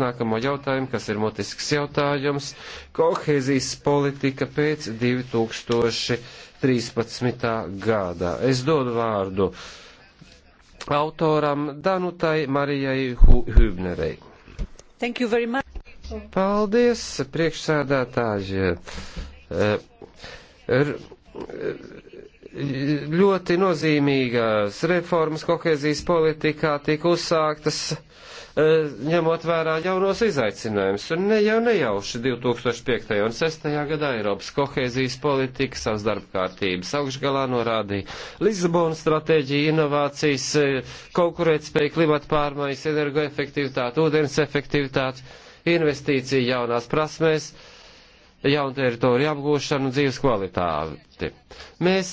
nākamo jautājumu, kas ir motisks jautājums - kohēzijas politika pēc 2013. gadā. Es dodu vārdu autoram Danutai Marijai Hübnerei. Paldies, priekšsēdētāji. Eh, r ļoti nozīmīgas reformas kohēzijas politikā tika uzsāktas E, ņemot vērā jaunos izaicinājumus. Un ne jau nejauši 2005. un 2006. gadā Eiropas kohēzijas politika savas darba kārtības augšgalā norādīja Lisabonas stratēģija, inovācijas, e, konkurētspēja, klimata pārmaiņas, energoefektivitāte, ūdens efektivitāte, investīcija jaunās prasmēs jaunu teritoriju apgūšanu un dzīves kvalitāti. Mēs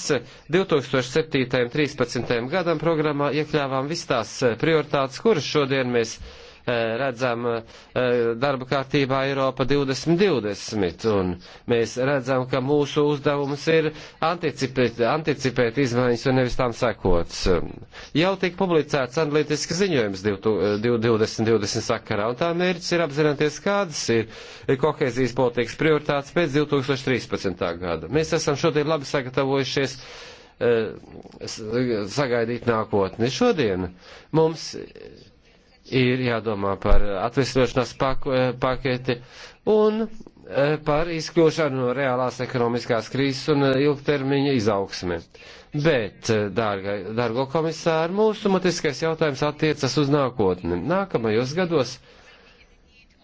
2007. un 2013. gadam programmā iekļāvām vis tās prioritātes, kuras šodien mēs uh, Eh, redzam eh, darba kārtībā Eiropa 2020, un mēs redzam, ka mūsu uzdevums ir anticipēt, anticipēt izmaiņas un nevis tām sekots. Jau tika publicēts analītisks ziņojums 2020 eh, sakarā, un tā mērķis ir apzināties, kādas ir kohēzijas politikas prioritātes pēc 2013. gada. Mēs esam šodien labi sagatavojušies sagaidīt nākotni. Šodien mums ir jādomā par atvesļošanās eh, paketi un eh, par izkļūšanu no reālās ekonomiskās krīzes un eh, ilgtermiņa izaugsme. Bet, dārga, dārgo komisāri, mūsu matiskais jautājums attiecas uz nākotni. Nākamajos gados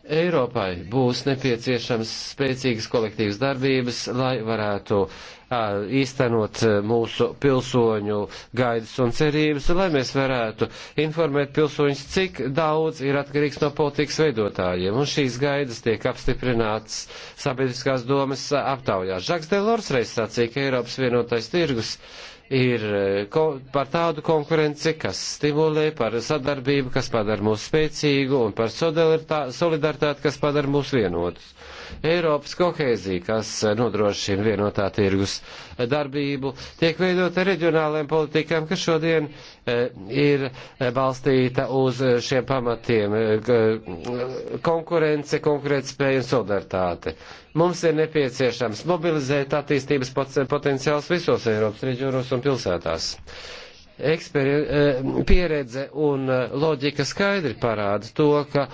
Eiropai būs nepieciešams spēcīgas kolektīvas darbības, lai varētu ā, īstenot mūsu pilsoņu gaidas un cerības, lai mēs varētu informēt pilsoņus, cik daudz ir atkarīgs no politikas veidotājiem. Un šīs gaidas tiek apstiprināts sabiedriskās domas aptaujā. Žaks Delors reiz sacīja, ka Eiropas vienotais tirgus ir eh, par tādu konkurenci, kas stimulē, par sadarbību, kas padara mūs spēcīgu un par solidaritāti, kas padara mūs vienotus. Eiropas kohēzija, kas nodrošina vienotā tirgus darbību, tiek veidota reģionālajiem politikām, kas šodien e, ir balstīta uz šiem pamatiem e, - e, konkurence, konkurētspēja un solidaritāte. Mums ir nepieciešams mobilizēt attīstības potenciāls visos Eiropas reģionos un pilsētās eksperi, pieredze un loģika skaidri parāda to, ka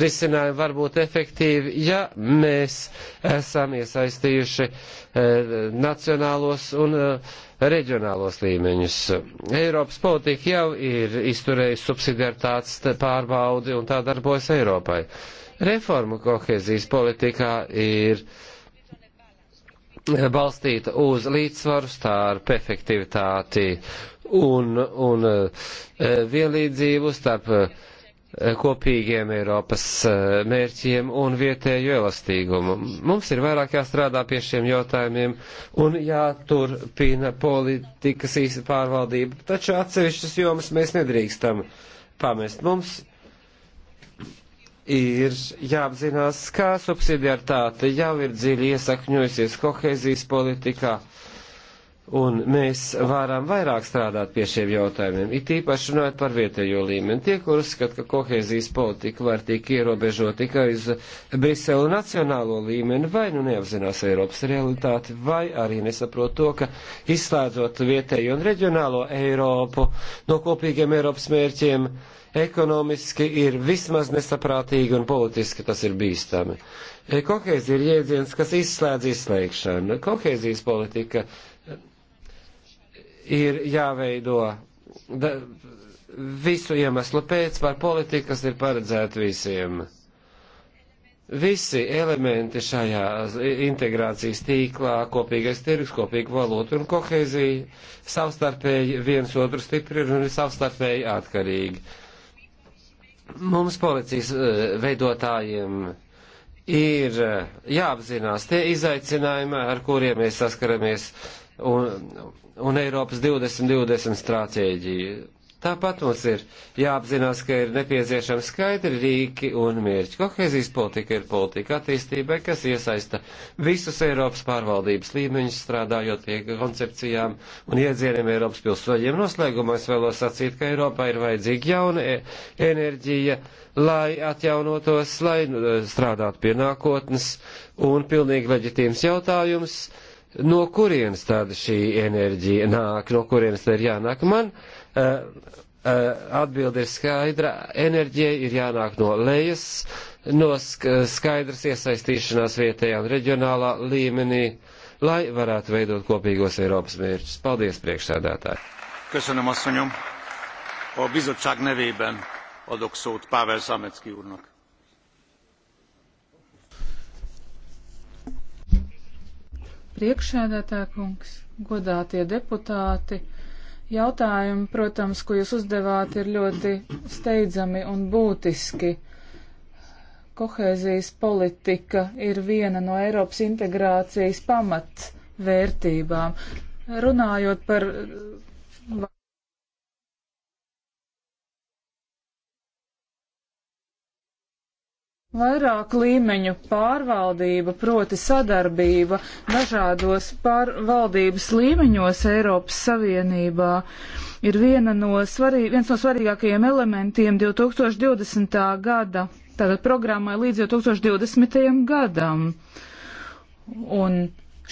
risinājumi var būt efektīvi, ja mēs esam iesaistījuši eh, nacionālos un eh, reģionālos līmeņus. Eiropas politika jau ir izturējusi subsidiartātes pārbaudi un tā darbojas Eiropai. Reforma kohēzijas politikā ir eh, balstīta uz līdzsvaru starp efektivitāti un, un vienlīdzību starp Eh, kopīgiem Eiropas eh, mērķiem un vietēju elastīgumu. Mums ir vairāk jāstrādā pie šiem jautājumiem un jāturpina politikas īsta pārvaldība, taču atsevišķas jomas mēs nedrīkstam pamest. Mums ir jāapzinās, kā subsidiartāte jau ir dziļi iesakņojusies kohēzijas politikā. Uh, Un mēs varam vairāk strādāt pie šiem jautājumiem, it īpaši runājot par vietējo līmeni. Tie, kur uzskata, ka kohēzijas politika var tik ierobežot tikai uz Briselu nacionālo līmeni, vai nu neapzinās Eiropas realitāti, vai arī nesaprot to, ka izslēdzot vietējo un reģionālo Eiropu no kopīgiem Eiropas mērķiem, ekonomiski ir vismaz nesaprātīgi un politiski tas ir bīstami. E, kohēzija ir jēdziens, kas izslēdz izslēgšanu. Kohēzijas politika ir jāveido da, visu iemeslu pēc par politiku, kas ir paredzēta visiem. Visi elementi šajā integrācijas tīklā, kopīgais tirgus, kopīga valūta un kohēzija savstarpēji viens otru stiprina un ir savstarpēji atkarīgi. Mums policijas e, veidotājiem ir e, jāapzinās tie izaicinājumi, ar kuriem mēs saskaramies un, un Eiropas 2020 stratēģiju. Tāpat mums ir jāapzinās, ka ir nepieciešami skaidri rīki un mērķi. Kohēzijas politika ir politika attīstībai, kas iesaista visus Eiropas pārvaldības līmeņus, strādājot pie koncepcijām un iedzieniem Eiropas pilsoņiem. Noslēgumā es vēlos sacīt, ka Eiropā ir vajadzīga jauna e enerģija, lai atjaunotos, lai nu, strādātu pie nākotnes un pilnīgi leģitīms jautājums no kurienes tāda šī enerģija nāk, no kurienes tā ir jānāk. Man uh, eh, uh, eh, atbildi ir skaidra, enerģija ir jānāk no lejas, no skaidras iesaistīšanās vietējā un reģionālā līmenī, lai varētu veidot kopīgos Eiropas mērķus. Paldies, priekšsēdētāji! Köszönöm, asszonyom! A bizottság nevében adok szót Pavel Szamecki úrnak. priekšēdētā kungs, godātie deputāti. Jautājumi, protams, ko jūs uzdevāt, ir ļoti steidzami un būtiski. Kohēzijas politika ir viena no Eiropas integrācijas pamatvērtībām. Runājot par Vairāk līmeņu pārvaldība, proti sadarbība dažādos pārvaldības līmeņos Eiropas Savienībā ir viena no svarī, viens no svarīgākajiem elementiem 2020. gada, tātad programmai līdz 2020. gadam. Un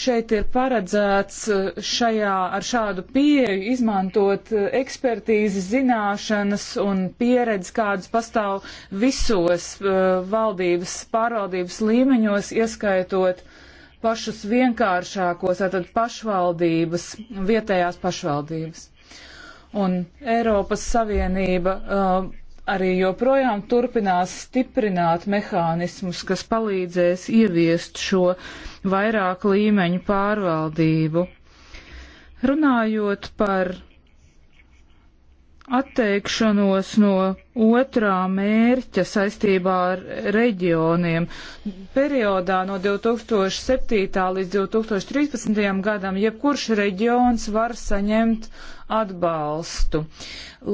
Šeit ir paredzēts eh, šajā ar šādu pieeju izmantot eh, ekspertīzi, zināšanas un pieredzi, kādas pastāv visos uh, valdības pārvaldības līmeņos, ieskaitot pašus vienkāršākos, tātad pašvaldības, vietējās pašvaldības. Un Eiropas Savienība uh, arī joprojām turpinās stiprināt mehānismus, kas palīdzēs ieviest šo uh, vairāk līmeņu pārvaldību. Runājot par atteikšanos no otrā mērķa saistībā ar reģioniem. Periodā no 2007. līdz 2013. gadam jebkurš reģions var saņemt atbalstu.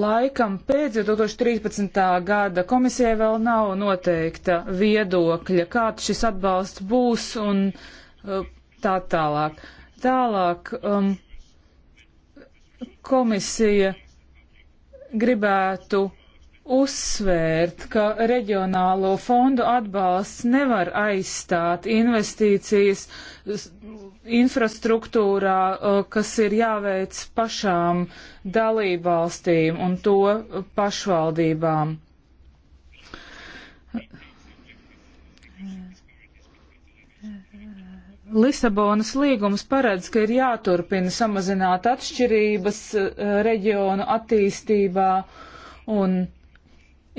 Laikam pēc 2013. gada komisijai vēl nav noteikta viedokļa, kāds šis atbalsts būs un uh, Uh, tā tālāk. Tālāk um, komisija gribētu uzsvērt, ka reģionālo fondu atbalsts nevar aizstāt investīcijas infrastruktūrā, uh, kas ir jāveic pašām dalībvalstīm un to pašvaldībām. Lisabonas līgums paredz, ka ir jāturpina samazināt atšķirības uh, reģionu attīstībā un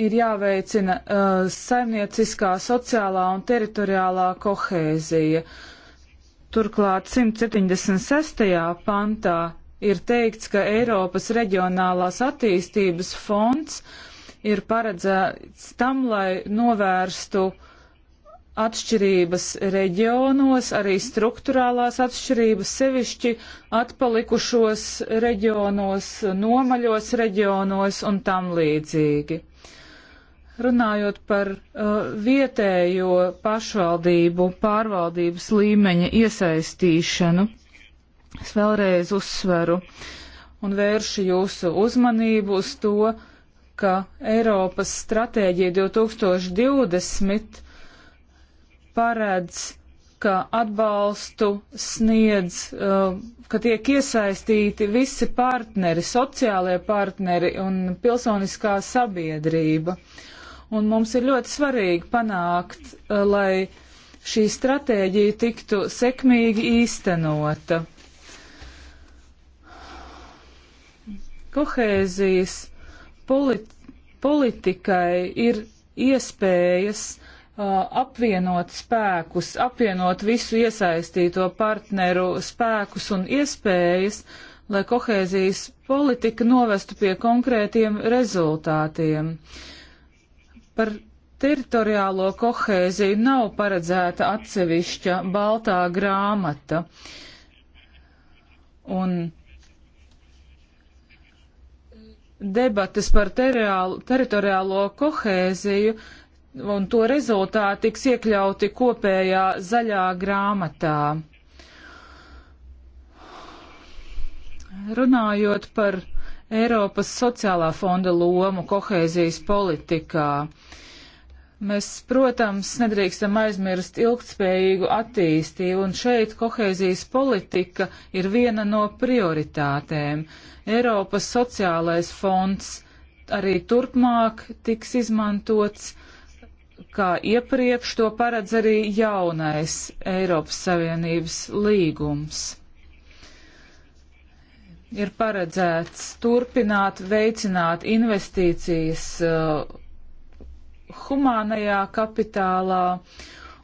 ir jāveicina uh, saimnieciskā, sociālā un teritoriālā kohēzija. Turklāt 176. pantā ir teikts, ka Eiropas reģionālās attīstības fonds ir paredzēts tam, lai novērstu uh, atšķirības reģionos, arī struktūrālās atšķirības, sevišķi atpalikušos reģionos, nomaļos reģionos un tam līdzīgi. Runājot par uh, vietējo pašvaldību pārvaldības līmeņa iesaistīšanu, es vēlreiz uzsveru un vēršu jūsu uzmanību uz to, ka Eiropas stratēģija 2020 paredz, ka atbalstu sniedz, uh, ka tiek iesaistīti visi partneri, sociālie partneri un pilsoniskā sabiedrība. Un mums ir ļoti svarīgi panākt, uh, lai šī stratēģija tiktu sekmīgi īstenota. Kohēzijas politi politikai ir iespējas Uh, apvienot spēkus, apvienot visu iesaistīto partneru spēkus un iespējas, lai kohēzijas politika novestu pie konkrētiem rezultātiem. Par teritoriālo kohēziju nav paredzēta atsevišķa baltā grāmata. Un debates par teriālo, teritoriālo kohēziju uh, un to rezultāti tiks iekļauti kopējā zaļā grāmatā. Runājot par Eiropas sociālā fonda lomu kohēzijas politikā, mēs, protams, nedrīkstam aizmirst ilgtspējīgu attīstību, un šeit kohēzijas politika ir viena no prioritātēm. Eiropas sociālais fonds arī turpmāk tiks izmantots kā iepriekš to paredz arī jaunais Eiropas Savienības līgums. Ir paredzēts turpināt veicināt investīcijas uh, humānajā kapitālā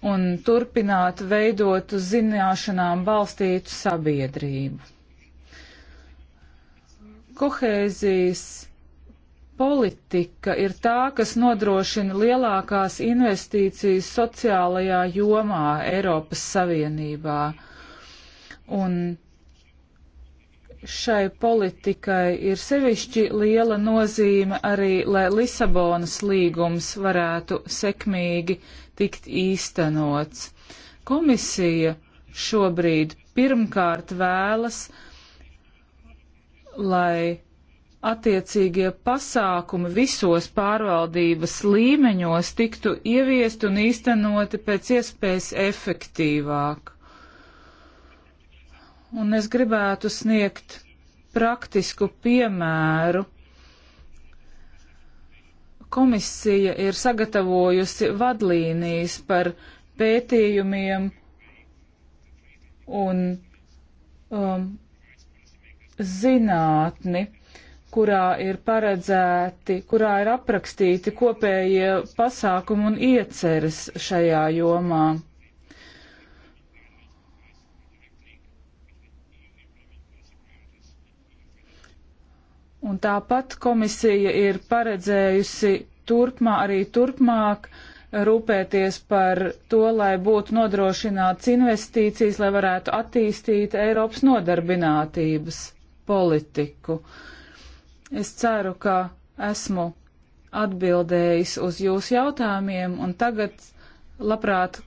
un turpināt veidot uz zināšanām balstītu sabiedrību. Kohēzijas politika ir tā, kas nodrošina lielākās investīcijas sociālajā jomā Eiropas Savienībā. Un šai politikai ir sevišķi liela nozīme arī, lai Lisabonas līgums varētu sekmīgi tikt īstenots. Komisija šobrīd pirmkārt vēlas, lai attiecīgie pasākumi visos pārvaldības līmeņos tiktu ieviest un īstenoti pēc iespējas efektīvāk. Un es gribētu sniegt praktisku piemēru. Komisija ir sagatavojusi vadlīnijas par pētījumiem un um, zinātni kurā ir paredzēti, kurā ir aprakstīti kopējie pasākumi un ieceres šajā jomā. Un tāpat komisija ir paredzējusi turpmā, arī turpmāk rūpēties par to, lai būtu nodrošināts investīcijas, lai varētu attīstīt Eiropas nodarbinātības politiku. Uh, Es ceru, ka esmu atbildējis uz jūsu jautājumiem, un tagad labprāt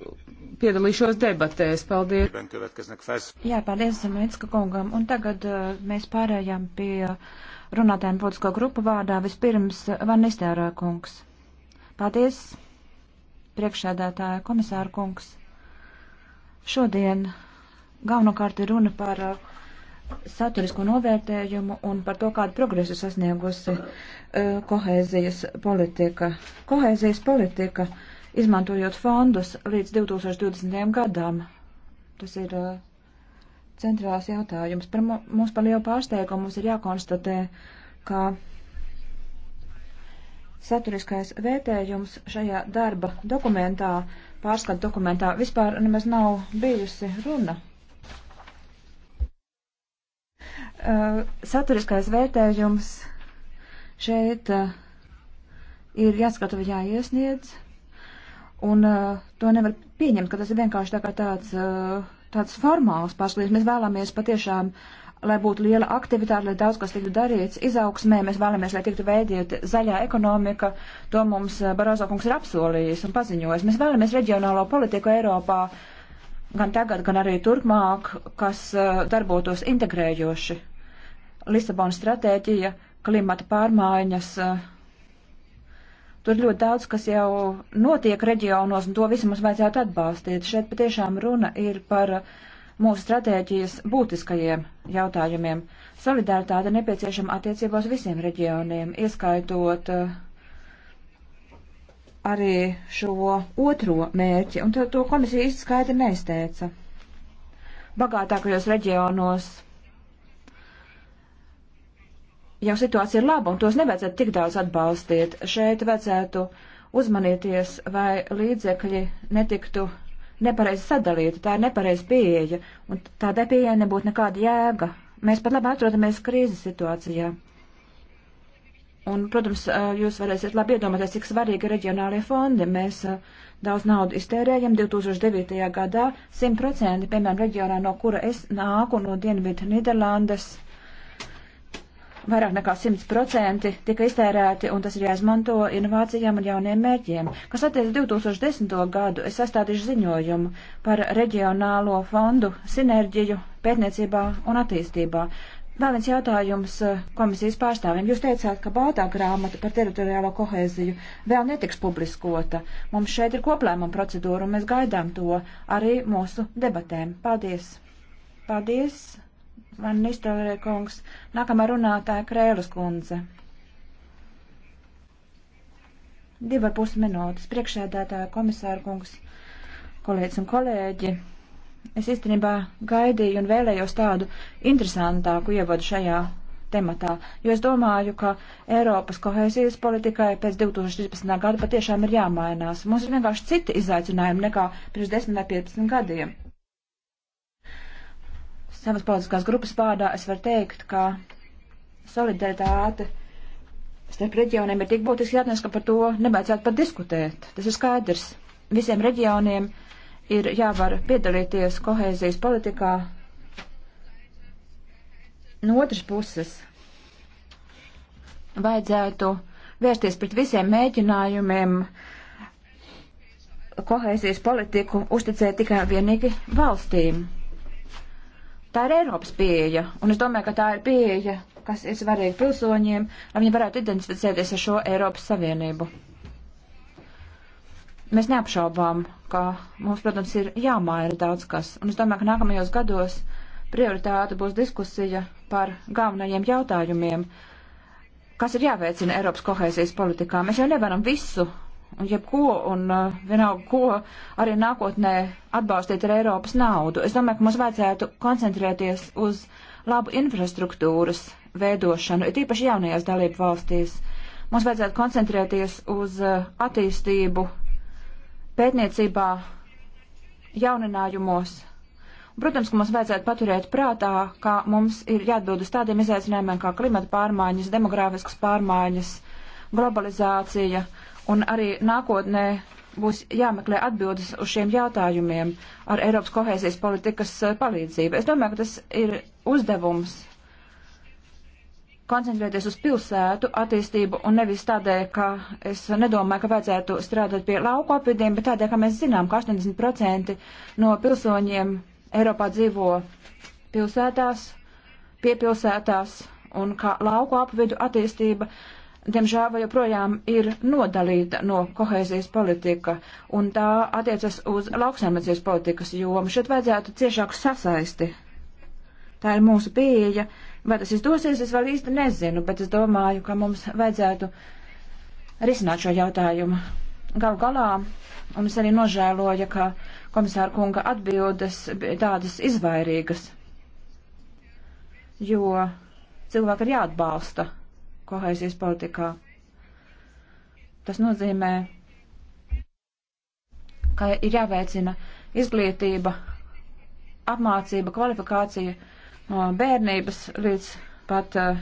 piedalīšos debatēs. Paldies! Jā, paldies Zemecka kungam. Un tagad uh, mēs pārējām pie runātājiem politisko grupu vārdā. Vispirms Van Nistērā kungs. Paldies, priekšsēdētāja komisāra kungs. Šodien galvenokārt ir runa par uh, saturisko novērtējumu un par to, kādu progresu sasniegusi uh, kohēzijas politika. Kohēzijas politika, izmantojot fondus līdz 2020. gadam, tas ir uh, centrāls jautājums. Par mums par lielu pārsteigumu mums ir jākonstatē, ka saturiskais vērtējums šajā darba dokumentā, pārskatu dokumentā, vispār nemaz nav bijusi runa Uh, saturiskais vērtējums šeit uh, ir jāskata vai jāiesniedz, un uh, to nevar pieņemt, ka tas ir vienkārši tā kā tāds, tāds formāls paslīdz. Mēs vēlamies patiešām lai būtu liela aktivitāte, lai daudz kas tiktu darīts, izaugsmē, mēs vēlamies, lai tiktu veidot zaļā ekonomika, to mums Barozo kungs ir apsolījis un paziņojis. Mēs vēlamies reģionālo politiku Eiropā gan tagad, gan arī turpmāk, kas darbotos integrējoši. Lisabonas stratēģija, klimata pārmaiņas. Eh, tur ir ļoti daudz, kas jau notiek reģionos, un to visu mums vajadzētu atbalstīt. Šeit patiešām runa ir par eh, mūsu stratēģijas būtiskajiem jautājumiem. Solidaritāte nepieciešama attiecībos visiem reģioniem, ieskaitot eh, arī šo otro mērķi, un to komisija izskaidri neizteica. Bagātākajos reģionos jau situācija ir laba, un tos nevajadzētu tik daudz atbalstīt. Šeit vajadzētu uzmanīties, vai līdzekļi netiktu nepareizi sadalīti. Tā ir nepareiza pieeja, un tādai pieejai nebūtu nekāda jēga. Mēs pat labi atrodamies krīzes situācijā. Un, protams, jūs varēsiet labi iedomāties, cik svarīgi ir reģionālie fondi. Mēs daudz naudu iztērējam 2009. gadā, 100%, piemēram, reģionā, no kura es nāku, no Dienvidu Nīderlandes vairāk nekā 100% tika iztērēti, un tas ir jāizmanto inovācijām un jauniem mērķiem. Kas attiecas 2010. gadu, es sastādīšu ziņojumu par reģionālo fondu sinerģiju pētniecībā un attīstībā. Vēl viens jautājums eh, komisijas pārstāvim. Jūs teicāt, ka baltā grāmata par teritoriālo kohēziju vēl netiks publiskota. Mums šeit ir koplēmuma procedūra, un mēs gaidām to arī mūsu debatēm. Paldies! Paldies! Van Nistelrē kungs. Nākamā runātāja Krēlas kundze. Divar pus minūtes. Priekšēdētāja komisāra kungs, kolēģis un kolēģi. Es īstenībā gaidīju un vēlējos tādu interesantāku ievadu šajā tematā, jo es domāju, ka Eiropas kohēzijas politikai pēc 2013. gada patiešām ir jāmainās. Mums ir vienkārši citi izaicinājumi nekā pirms 10 vai 15 gadiem savas politiskās grupas vārdā es varu teikt, ka solidaritāte starp reģioniem ir tik būtiski jāatnes, ka par to nebaidzētu pat diskutēt. Tas ir skaidrs. Visiem reģioniem ir jāvar piedalīties kohēzijas politikā. No otras puses, vajadzētu vērsties pret visiem mēģinājumiem kohēzijas politiku uzticēt tikai vienīgi valstīm. Tā ir Eiropas pieeja, un es domāju, ka tā ir pieeja, kas ir svarīga pilsoņiem, lai viņi varētu identificēties ar šo Eiropas Savienību. Mēs neapšaubām, ka mums, protams, ir jāmaina daudz kas, un es domāju, ka nākamajos gados prioritāte būs diskusija par galvenajiem jautājumiem, kas ir jāveicina Eiropas kohēzijas politikā. Mēs jau nevaram visu jebko un uh, vienalga, ko arī nākotnē atbalstīt ar Eiropas naudu. Es domāju, ka mums vajadzētu koncentrēties uz labu infrastruktūras veidošanu, ir tīpaši jaunajās dalību valstīs. Mums vajadzētu koncentrēties uz uh, attīstību pētniecībā, jauninājumos. Un, protams, ka mums vajadzētu paturēt prātā, ka mums ir jāatbild uz tādiem izaicinājumiem kā klimata pārmaiņas, demogrāfiskas pārmaiņas, globalizācija. Uh, un arī nākotnē būs jāmeklē atbildes uz šiem jautājumiem ar Eiropas kohēzijas politikas eh, palīdzību. Es domāju, ka tas ir uzdevums koncentrēties uz pilsētu attīstību un nevis tādēļ, ka es nedomāju, ka vajadzētu strādāt pie lauku apvidiem, bet tādēļ, ka mēs zinām, ka 80% no pilsoņiem Eiropā dzīvo pilsētās, piepilsētās un ka lauku apvidu attīstība uh, diemžēl vai joprojām ir nodalīta no kohēzijas politika, un tā attiecas uz lauksaimniecības politikas jomu. Šeit vajadzētu ciešāku sasaisti. Tā ir mūsu pieeja. Vai tas izdosies, es vēl īsti nezinu, bet es domāju, ka mums vajadzētu risināt šo jautājumu. Galu galā, un es arī nožēloju, ka komisāra kunga atbildes bija tādas izvairīgas, jo cilvēki ir jāatbalsta kohēzijas politikā. Tas nozīmē, ka ir jāveicina izglītība, apmācība, kvalifikācija no bērnības līdz pat uh,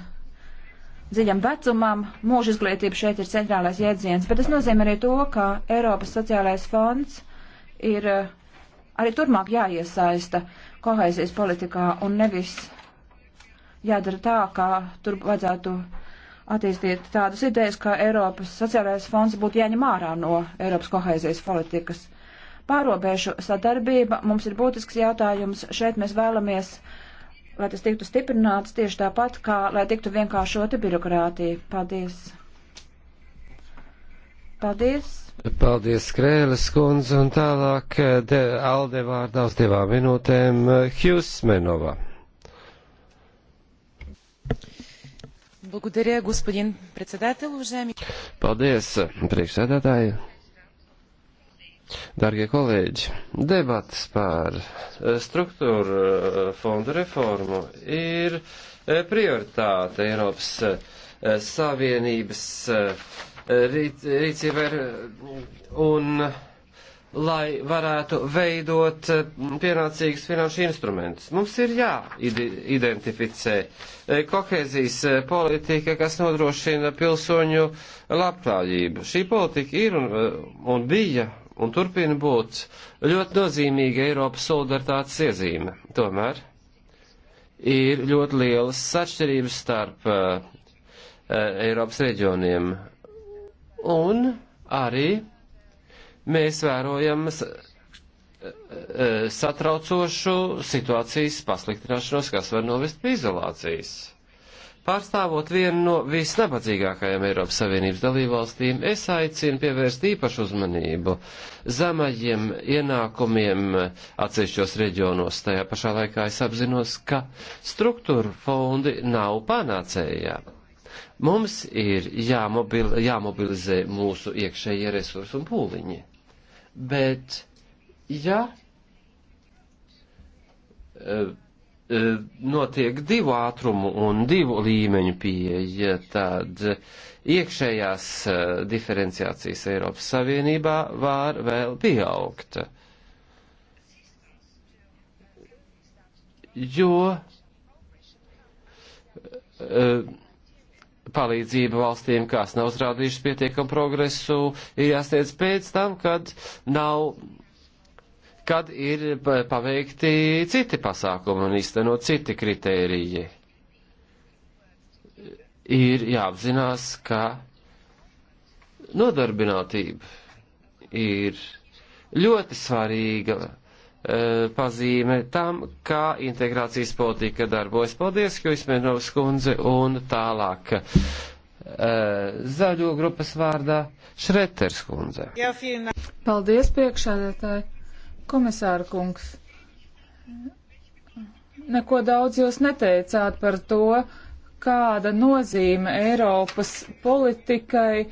dziļam vecumam. Mūža izglītība šeit ir centrālais jēdziens, bet tas nozīmē arī to, ka Eiropas sociālais fonds ir uh, arī turmāk jāiesaista kohēzijas politikā un nevis jādara tā, kā tur vajadzētu attīstīt tādas idejas, ka Eiropas sociālais fonds būtu jāņem ārā no Eiropas kohēzijas politikas. Pārobežu sadarbība mums ir būtisks jautājums. Šeit mēs vēlamies, lai tas tiktu stiprināts tieši tāpat, kā lai tiktu vienkāršota birokrātija. Paldies! Paldies! Paldies, Krēles kundze, un tālāk eh, Alde vārdā uz divām minūtēm eh, Hjusmenova. Uh, Благодаря, господин председател. Уважаеми... Paldies, priekšsēdētāji. Dargie kolēģi, debats par eh, struktūru eh, fondu reformu ir eh, prioritāte Eiropas Savienības rīcībai un lai varētu veidot eh, pienācīgus finanšu instrumentus. Mums ir jāidentificē eh, kohēzijas eh, politika, kas nodrošina pilsoņu labklājību. Šī politika ir un, un bija un turpina būt ļoti nozīmīga Eiropas solidaritātes iezīme. Tomēr ir ļoti lielas atšķirības starp uh, Eiropas reģioniem. Un arī mēs vērojam e, e, satraucošu situācijas pasliktināšanos, kas var novest pie izolācijas. Pārstāvot vienu no visnabadzīgākajām Eiropas Savienības dalībvalstīm, es aicinu pievērst īpašu uzmanību zemajiem ienākumiem atsevišķos reģionos. Tajā pašā laikā es apzinos, ka struktūra fondi nav panācējā. Mums ir jāmobil, jāmobilizē mūsu iekšējie resursi un pūliņi. Bet, ja e, e, notiek divu ātrumu un divu līmeņu pieeja, tad iekšējās e, diferenciācijas Eiropas Savienībā var vēl pieaugt. Jo uh, palīdzība valstīm, kas nav uzrādījušas pietiekam progresu, ir jāsniedz pēc tam, kad nav kad ir paveikti citi pasākumi un īstenot citi kritēriji. Ir jāapzinās, ka nodarbinātība ir ļoti svarīga E, pazīme tam, kā integrācijas politika darbojas. Paldies, Kjuismenovs kundze, un tālāk. E, zaļo grupas vārdā Šreters kundze. Paldies, priekšādātāji. Komisāra kungs. Neko daudz jūs neteicāt par to, kāda nozīme Eiropas politikai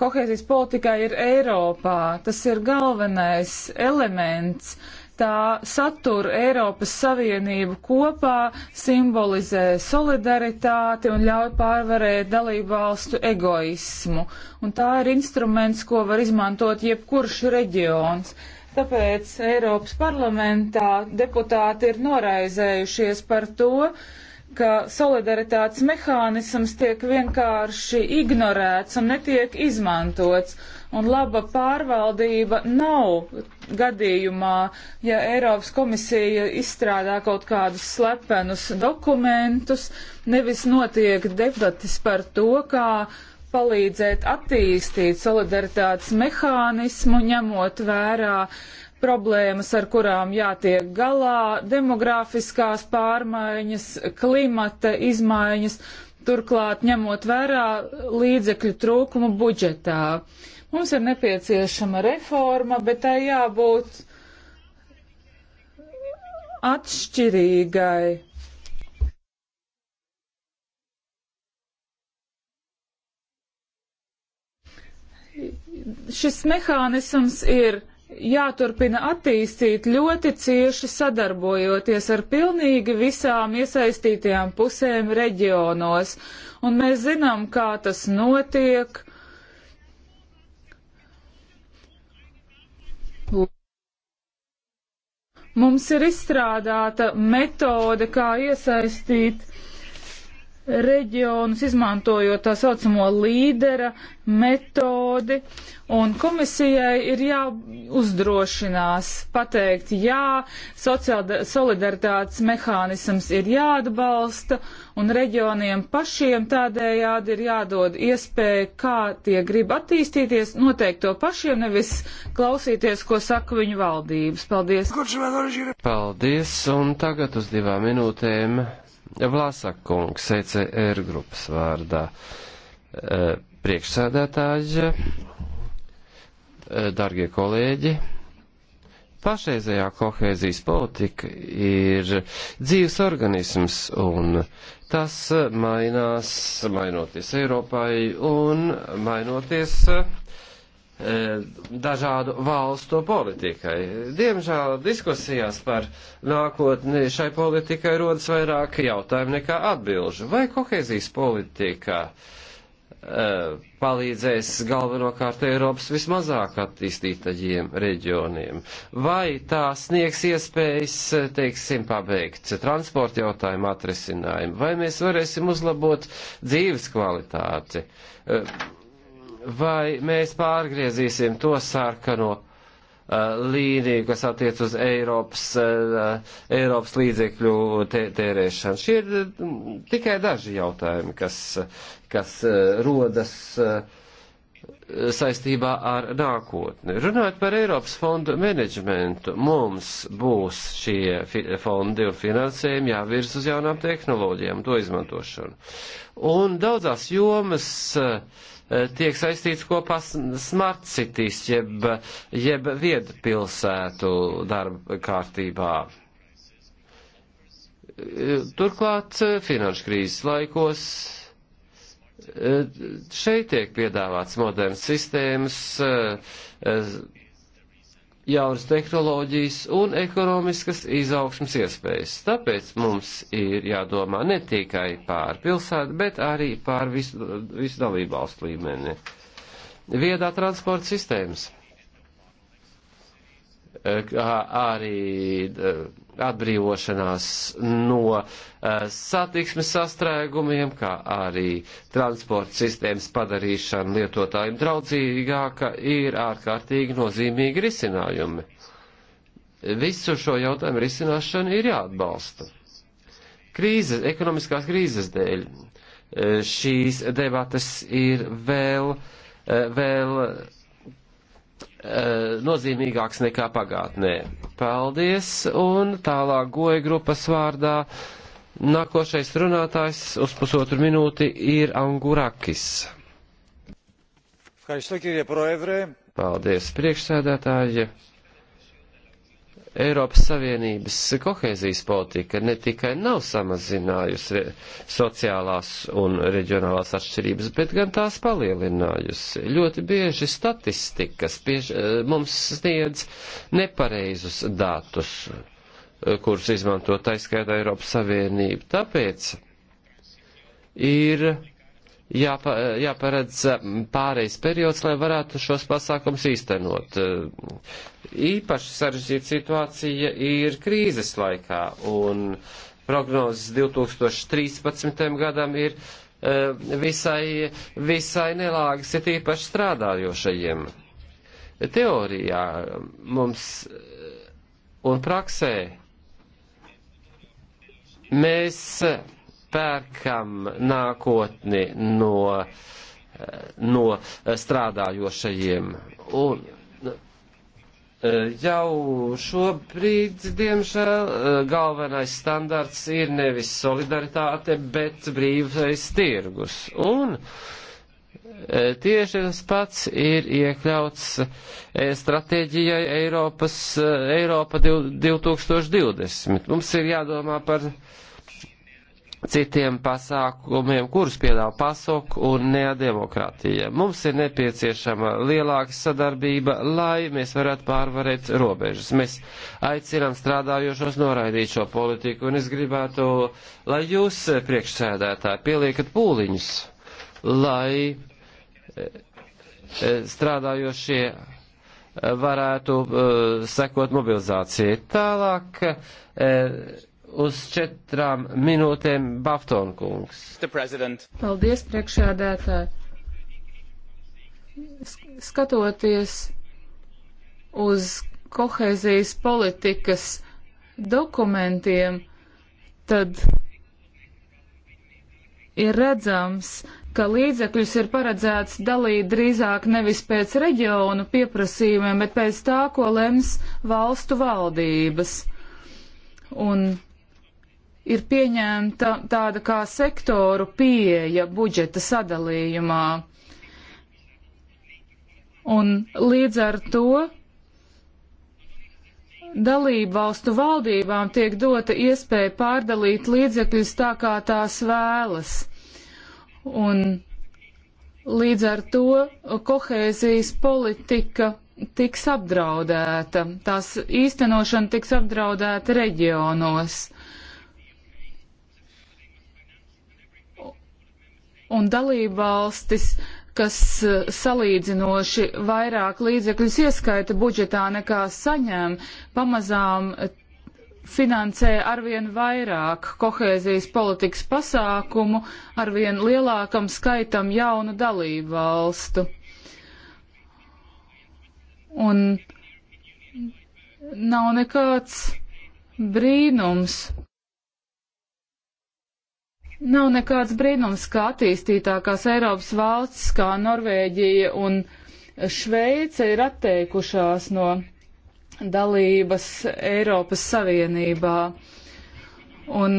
kohēzijas politikā ir Eiropā. Tas ir galvenais elements tā satura Eiropas Savienību kopā, simbolizē solidaritāti un ļauj pārvarēt dalību valstu egoismu. Un tā ir instruments, ko var izmantot jebkurš reģions. Tāpēc Eiropas parlamentā deputāti ir noraizējušies par to, ka solidaritātes mehānisms tiek vienkārši ignorēts un netiek izmantots un laba pārvaldība nav gadījumā, ja Eiropas komisija izstrādā kaut kādus slepenus dokumentus, nevis notiek debatis par to, kā palīdzēt attīstīt solidaritātes mehānismu, ņemot vērā problēmas, ar kurām jātiek galā, demografiskās pārmaiņas, klimata izmaiņas, turklāt ņemot vērā līdzekļu trūkumu budžetā. Uh, Mums ir nepieciešama reforma, bet tai jābūt atšķirīgai. Šis mehānisms ir jāturpina attīstīt ļoti cieši sadarbojoties ar pilnīgi visām iesaistītajām pusēm reģionos. Un mēs zinām, kā tas notiek, Mums ir izstrādāta metode, kā iesaistīt reģionus, izmantojot tā saucamo līdera metodi, un komisijai ir jāuzdrošinās pateikt, jā, solidaritātes mehānisms ir jāatbalsta, un reģioniem pašiem tādējādi ir jādod iespēja, kā tie grib attīstīties, noteikt to pašiem, nevis klausīties, ko saka viņu valdības. Paldies! Paldies, un tagad uz divām minūtēm Vlasakungs, ECR grupas vārdā. E, priekšsēdētāji, e, darbie kolēģi, pašreizējā kohēzijas politika ir dzīves organisms un tas mainās, mainoties Eiropai un mainoties uh, E, dažādu valstu politikai. Diemžēl diskusijās par nākotni šai politikai rodas vairāk jautājumu nekā atbilžu. Vai kohēzijas politikā e, palīdzēs galvenokārt Eiropas vismazāk attīstītajiem reģioniem? Vai tā sniegs iespējas, teiksim, pabeigt transporta jautājumu atrisinājumu? Vai mēs varēsim uzlabot dzīves kvalitāti? E, vai mēs pārgriezīsim to sarkano uh, līniju, kas attiec uz Eiropas, uh, Eiropas līdzekļu tērēšanu. Šie ir mm, tikai daži jautājumi, kas, kas uh, rodas. Uh, saistībā ar nākotni. Runājot par Eiropas fondu menedžmentu, mums būs šie fondi un finansējumi jāvirz uz jaunām tehnoloģijām, to izmantošanu. Un daudzās jomas eh, tiek saistīts kopā smart cities, jeb, jeb viedpilsētu darba kārtībā. Eh, turklāt eh, finanšu krīzes laikos Šeit tiek piedāvāts modernas sistēmas, jaunas tehnoloģijas un ekonomiskas izaugsmas iespējas. Tāpēc mums ir jādomā ne tikai pār pilsētu, bet arī pār visu, visu dalību valstu līmeni. Viedā transporta sistēmas, kā arī atbrīvošanās no uh, satiksmes sastrēgumiem, kā arī transporta sistēmas padarīšana lietotājiem draudzīgāka, ir ārkārtīgi nozīmīgi risinājumi. Visu šo jautājumu risināšana ir jāatbalsta. Krīzes, ekonomiskās krīzes dēļ eh, šīs debatas ir vēl, eh, vēl Eh, nozīmīgāks nekā pagātnē. Paldies, un tālāk goja grupas vārdā nākošais runātājs uz pusotru minūti ir Angurakis. Paldies, priekšsēdētāji. Eiropas Savienības kohēzijas politika ne tikai nav samazinājusi sociālās un reģionālās atšķirības, bet gan tās palielinājusi. Ļoti bieži statistikas bieži, eh, mums sniedz nepareizus datus, eh, kurus izmanto taiskaitā Eiropas Savienība. Tāpēc ir jāpa, eh, jāparedz pārejas periods, lai varētu šos pasākums īstenot. Īpaši sarežģīta situācija ir krīzes laikā, un prognozes 2013. gadam ir e, visai, visai nelāgas, ir īpaši strādājošajiem. Teorijā mums un praksē mēs pērkam nākotni no, no strādājošajiem. Un, Jau šobrīd, diemžēl, galvenais standarts ir nevis solidaritāte, bet brīvais tirgus. Un e, tieši tas pats ir iekļauts e, stratēģijai Eiropas, e, Eiropa 2020. Mums ir jādomā par citiem pasākumiem, kurus piedāvā PASOK un neademokrātija. Mums ir nepieciešama lielāka sadarbība, lai mēs varētu pārvarēt robežas. Mēs aicinām strādājošos noraidīt šo politiku, un es gribētu, lai jūs, priekšsēdētāji, pieliekat pūliņus, lai e, e, strādājošie varētu e, sekot mobilizācijai. Tālāk uz četrām minūtēm Baftonkungs. Paldies, priekšādētāji. Skatoties uz kohēzijas politikas dokumentiem, tad ir redzams, ka līdzekļus ir paredzēts dalīt drīzāk nevis pēc reģionu pieprasījumiem, bet pēc tā, ko lems valstu valdības. Un ir pieņemta tāda kā sektoru pieeja budžeta sadalījumā. Un līdz ar to dalību valstu valdībām tiek dota iespēja pārdalīt līdzekļus tā, kā tās vēlas. Un līdz ar to kohēzijas politika tiks apdraudēta, tās īstenošana tiks apdraudēta reģionos. un dalībvalstis, kas e, salīdzinoši vairāk līdzekļus ieskaita budžetā nekā saņem, pamazām e, finansē arvien vairāk kohēzijas politikas pasākumu, arvien lielākam skaitam jaunu dalību valstu. Un nav nekāds brīnums, Nav nekāds brīnums, ka attīstītākās Eiropas valsts, kā Norvēģija un Šveice, ir atteikušās no dalības Eiropas Savienībā. Un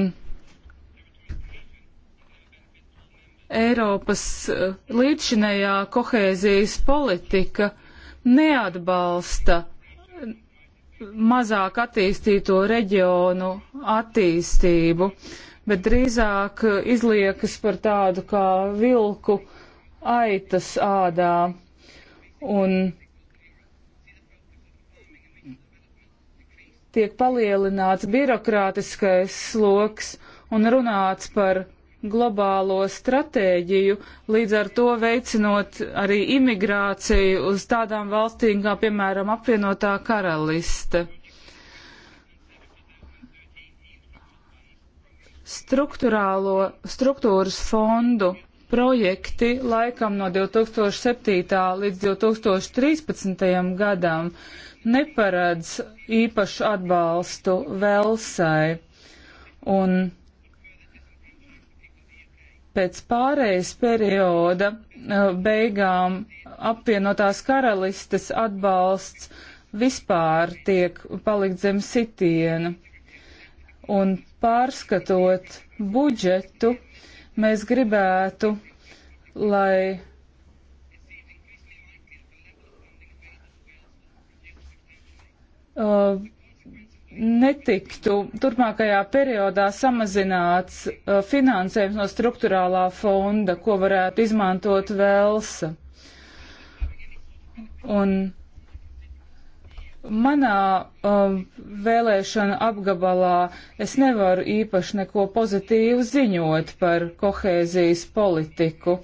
Eiropas eh, līdzšinējā kohēzijas politika neatbalsta mazāk attīstīto reģionu attīstību bet drīzāk izliekas par tādu kā vilku aitas ādā. Un tiek palielināts birokrātiskais sloks un runāts par globālo stratēģiju, līdz ar to veicinot arī imigrāciju uz tādām valstīm kā, piemēram, apvienotā karaliste. Struktūrālo struktūras fondu projekti laikam no 2007. līdz 2013. gadam neparedz īpašu atbalstu Velsai. Un pēc pārējais perioda eh, beigām apvienotās karalistes atbalsts vispār tiek palikt zem sitiena. Un pārskatot budžetu, mēs gribētu, lai uh, netiktu turpmākajā periodā samazināts uh, finansējums no struktūrālā fonda, ko varētu izmantot Velsa. Un manā um, vēlēšana apgabalā es nevaru īpaši neko pozitīvu ziņot par kohēzijas politiku.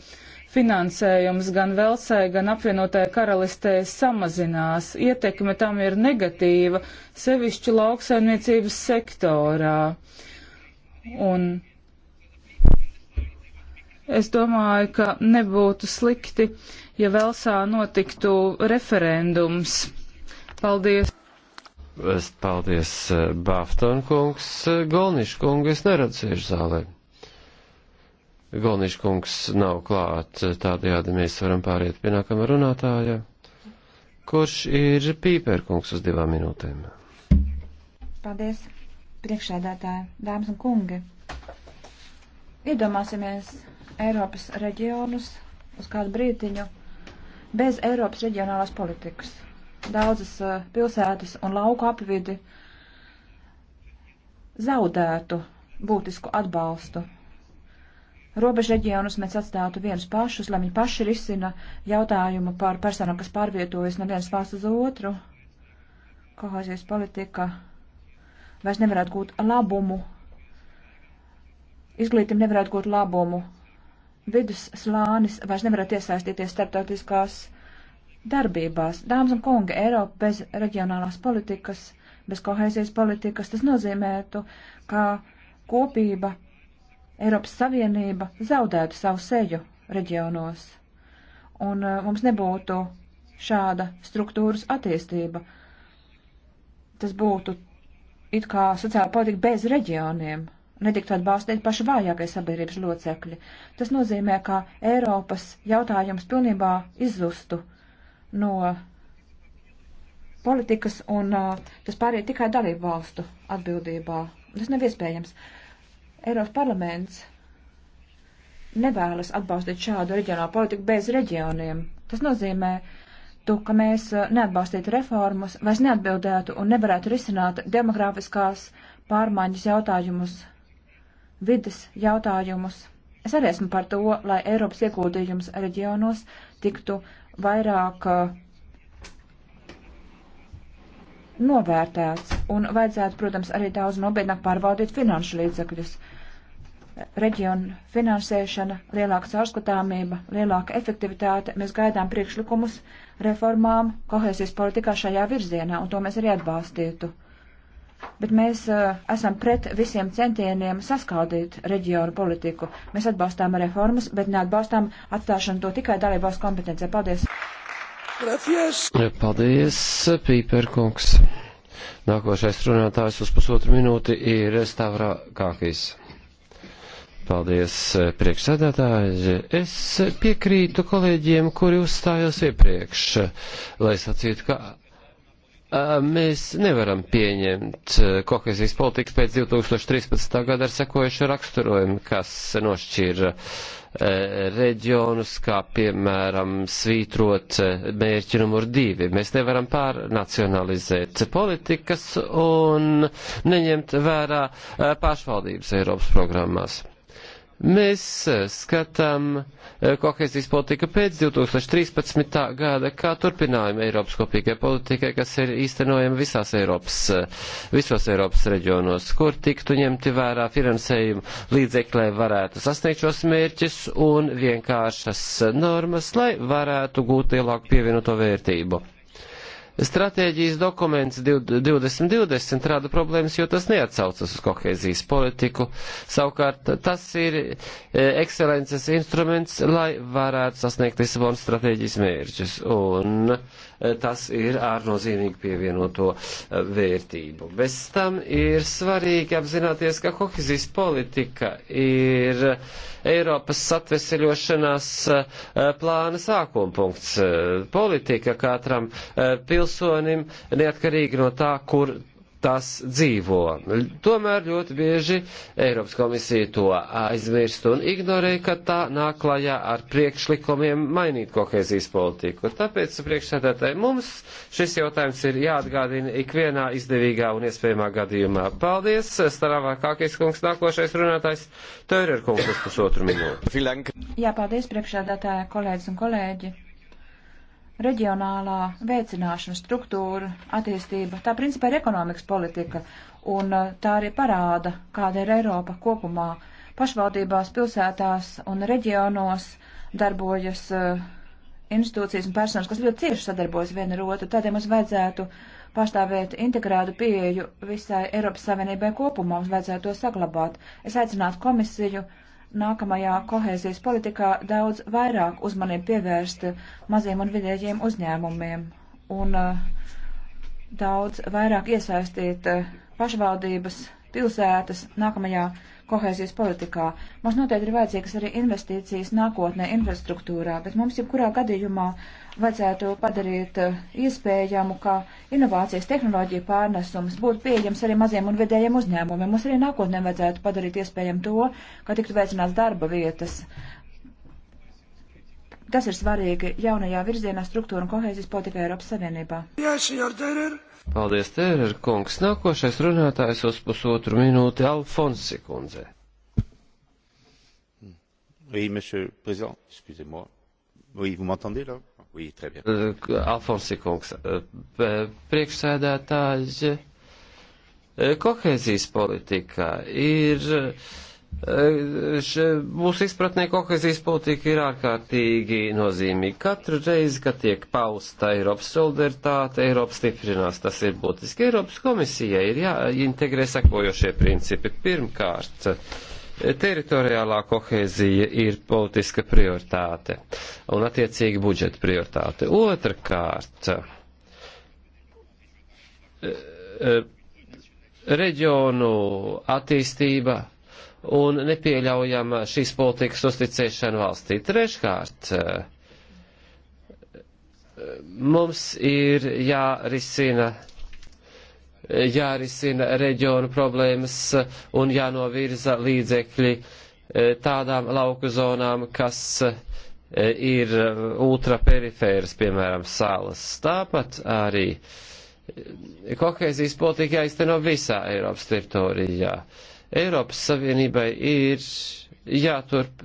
Finansējums gan Velsē, gan apvienotāja karalistē samazinās. Ietekme tam ir negatīva, sevišķi lauksaimniecības sektorā. Un es domāju, ka nebūtu slikti, ja Velsā notiktu referendums Paldies! Paldies, eh, Bafton kungs. Eh, Golniš kungu es neredzu sēžu zālē. Golniš kungs nav klāt, eh, tādējādi mēs varam pāriet pie nākamā runātāja, kurš ir Pīper kungs uz divām minūtēm. Paldies, priekšsēdētāji, dāmas un kungi. Iedomāsimies Eiropas reģionus uz kādu brītiņu bez Eiropas reģionālās politikas daudzas pilsētas un lauku apvidi zaudētu būtisku atbalstu. Robežu reģionus mēs atstātu vienus pašus, lai viņi paši risina jautājumu par personām, kas pārvietojas no vienas valsts uz otru. Kohēzijas politika vairs nevarētu gūt labumu. Izglītība nevarētu gūt labumu. Vidus slānis vairs nevarētu iesaistīties starptautiskās darbībās. Dāmas un kungi, Eiropa bez reģionālās politikas, bez kohēzijas politikas, tas nozīmētu, ka kopība, Eiropas Savienība zaudētu savu seju reģionos. Un eh, mums nebūtu šāda struktūras attīstība. Tas būtu it kā sociāla politika bez reģioniem. Netiktu atbalstīt paši vājākie sabiedrības locekļi. Tas nozīmē, ka Eiropas jautājums pilnībā izzustu no politikas un uh, tas pāriet tikai dalību valstu atbildībā. Tas nav iespējams. Eiropas parlaments nevēlas atbalstīt šādu reģionālu politiku bez reģioniem. Tas nozīmē, to, ka mēs uh, neatbalstītu reformas, vairs neatbildētu un nevarētu risināt demografiskās pārmaiņas jautājumus, vidas jautājumus. Es arī esmu par to, lai Eiropas ieguldījums reģionos tiktu vairāk uh, novērtēts un vajadzētu, protams, arī daudz nopietnāk pārbaudīt finanšu līdzekļus. Reģionu finansēšana, lielāka caurskatāmība, lielāka efektivitāte. Mēs gaidām priekšlikumus reformām kohēsijas politikā šajā virzienā, un to mēs arī atbalstītu bet mēs uh, esam pret visiem centieniem saskaldīt reģionu politiku. Mēs atbalstām reformas, bet neatbalstām atstāšanu to tikai dalībās kompetencijā. Paldies! Gracias. Paldies, Pīperkungs! Nākošais runātājs uz pusotru minūti ir Stavrā Kākīs. Paldies, eh, priekšsēdētāji. Es piekrītu kolēģiem, kuri uzstājās iepriekš, lai sacītu, ka mēs nevaram pieņemt kohezijas politiku pēc 2013. gada ar sekojušu raksturojumu, kas nošķir reģionus, kā piemēram svītrot mērķi numur divi. Mēs nevaram pārnacionalizēt politikas un neņemt vērā pašvaldības Eiropas programmās. Mēs eh, skatām eh, kohēzijas politika pēc 2013. gada kā turpinājumu Eiropas kopīgai politikai, kas ir īstenojama visās Eiropas, eh, visos Eiropas reģionos, kur tiktu ņemti vērā finansējumu līdzekļai varētu sasniegt šos mērķus un vienkāršas normas, lai varētu gūt lielāku pievienoto vērtību. Stratēģijas dokuments 2020 rada problēmas, jo tas neatsaucas uz kohēzijas politiku. Savukārt tas ir e, ekscelences instruments, lai varētu sasniegt Lisabonas stratēģijas mērķus. Un e, tas ir ar nozīmīgu pievienoto e, vērtību. Bez tam ir svarīgi apzināties, ka kohēzijas politika ir Eiropas satveseļošanās eh, plāna sākumpunkts. Eh, politika katram eh, pilsonim neatkarīgi no tā, kur tas dzīvo. Tomēr ļoti bieži Eiropas komisija to aizmirst un ignorē, ka tā nāk klajā ar priekšlikumiem mainīt kohēzijas politiku. Tāpēc priekšsēdētāji mums šis jautājums ir jāatgādina ikvienā izdevīgā un iespējamā gadījumā. Paldies, Staravā Kākis kungs, nākošais runātājs, Teurer kungs, pusotru minūti. Jā, paldies priekšsēdētāji, kolēģis un kolēģi reģionālā veicināšana struktūra, attīstība, tā principā ir ekonomikas politika, un uh, tā arī parāda, kāda ir Eiropa kopumā. Pašvaldībās, pilsētās un reģionos darbojas uh, institūcijas un personas, kas ļoti cieši sadarbojas viena ar otru, tādēļ mums vajadzētu pārstāvēt integrētu pieeju visai Eiropas Savienībai kopumā, mums vajadzētu to saglabāt. Es aicinātu komisiju uh, nākamajā kohēzijas politikā daudz vairāk uzmanību pievērst maziem un vidējiem uzņēmumiem un eh, daudz vairāk iesaistīt eh, pašvaldības pilsētas nākamajā kohēzijas politikā. Mums noteikti ir vajadzīgas arī investīcijas nākotnē infrastruktūrā, bet mums jebkurā gadījumā uh, vajadzētu padarīt eh, iespējamu, ka inovācijas tehnoloģija pārnesums būtu pieejams arī maziem un vidējiem uzņēmumiem. Mums arī nākotnē vajadzētu padarīt iespējam to, ka tiktu veicināts darba vietas. Tas ir svarīgi jaunajā virzienā struktūra un kohēzijas politikā Eiropas Savienībā. Yes, Paldies, Tērer kungs. Nākošais runātājs uz pusotru minūti Alfonsi kundze. Oui, monsieur le président, excusez-moi. Oui, vous m'entendez là? Oui, très bien. Euh, Alfonsi kungs, euh, priekšsēdētāji, uh, kohēzijas politika ir, uh, mūsu izpratnē kohēzijas politika ir ārkārtīgi nozīmīga. Katru reizi, kad tiek pausta Eiropas solidaritāte, Eiropa stiprinās, tas ir būtiski. Eiropas komisijai ir jāintegrē sekojošie principi. Pirmkārt, uh, Teritoriālā kohēzija ir politiska prioritāte un attiecīgi budžeta prioritāte. Otrakārt, eh, reģionu attīstība un nepieļaujama šīs politikas uzticēšana valstī. Treškārt, eh, mums ir jārisina jārisina reģionu problēmas un jānovirza līdzekļi e, tādām lauku zonām, kas e, ir e, ultraperifēras, piemēram, salas. Tāpat arī kohēzijas politika jāizteno visā Eiropas teritorijā. Eiropas Savienībai ir jāturp,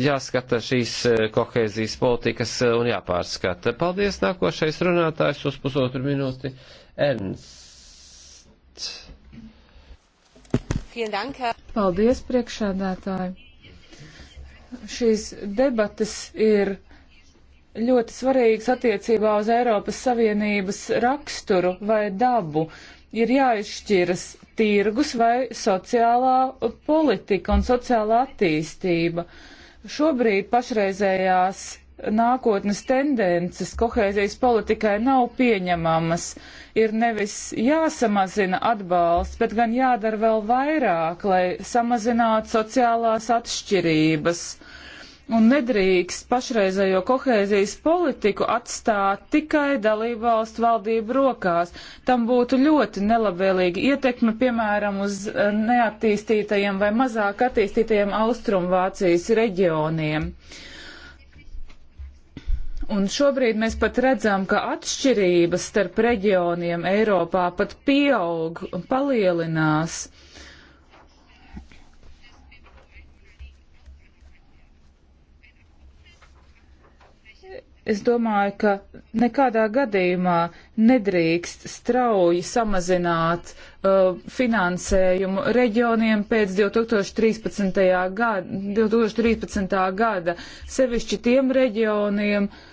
jāskata šīs kohēzijas politikas un jāpārskata. Paldies, nākošais runātājs uz pusotru minūti. Ernsts. Paldies, priekšādātāji! Šīs debatas ir ļoti svarīgas attiecībā uz Eiropas Savienības raksturu vai dabu. Ir jāizšķiras tirgus vai sociālā politika un sociālā attīstība. Šobrīd pašreizējās nākotnes tendences kohēzijas politikai nav pieņemamas. Ir nevis jāsamazina atbalsts, bet gan jādara vēl vairāk, lai samazinātu sociālās atšķirības. Un nedrīkst pašreizējo kohēzijas politiku atstāt tikai dalībvalstu valdību rokās. Tam būtu ļoti nelabvēlīga ietekme, piemēram, uz neattīstītajiem vai mazāk attīstītajiem Austrumvācijas reģioniem. Uh, Un šobrīd mēs pat redzam, ka atšķirības starp reģioniem Eiropā pat pieaug un palielinās. Es domāju, ka nekādā gadījumā nedrīkst strauji samazināt uh, finansējumu reģioniem pēc 2013. gada, 2013. gada sevišķi tiem reģioniem, uh,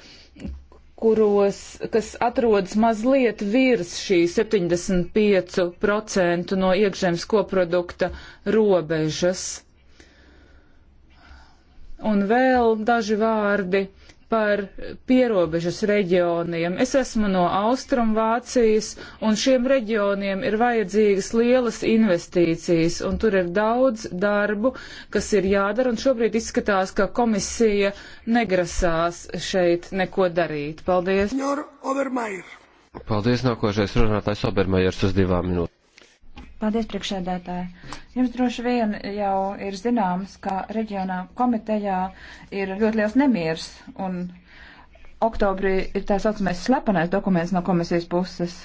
kuros, kas atrodas mazliet virs šī 75% no iekšzemes koprodukta robežas. Un vēl daži vārdi par pierobežas reģioniem. Es esmu no Austrumvācijas, un šiem reģioniem ir vajadzīgas lielas investīcijas, un tur ir daudz darbu, kas ir jādara, un šobrīd izskatās, ka komisija negrasās šeit neko darīt. Paldies! Paldies, nākošais runātājs Obermajers uz divām minūtēm. Paldies, priekšēdētāji. Jums droši vien jau ir zināms, ka reģionā komitejā ir ļoti liels nemieris, un oktobrī ir tā saucamais slepenais dokuments no komisijas puses.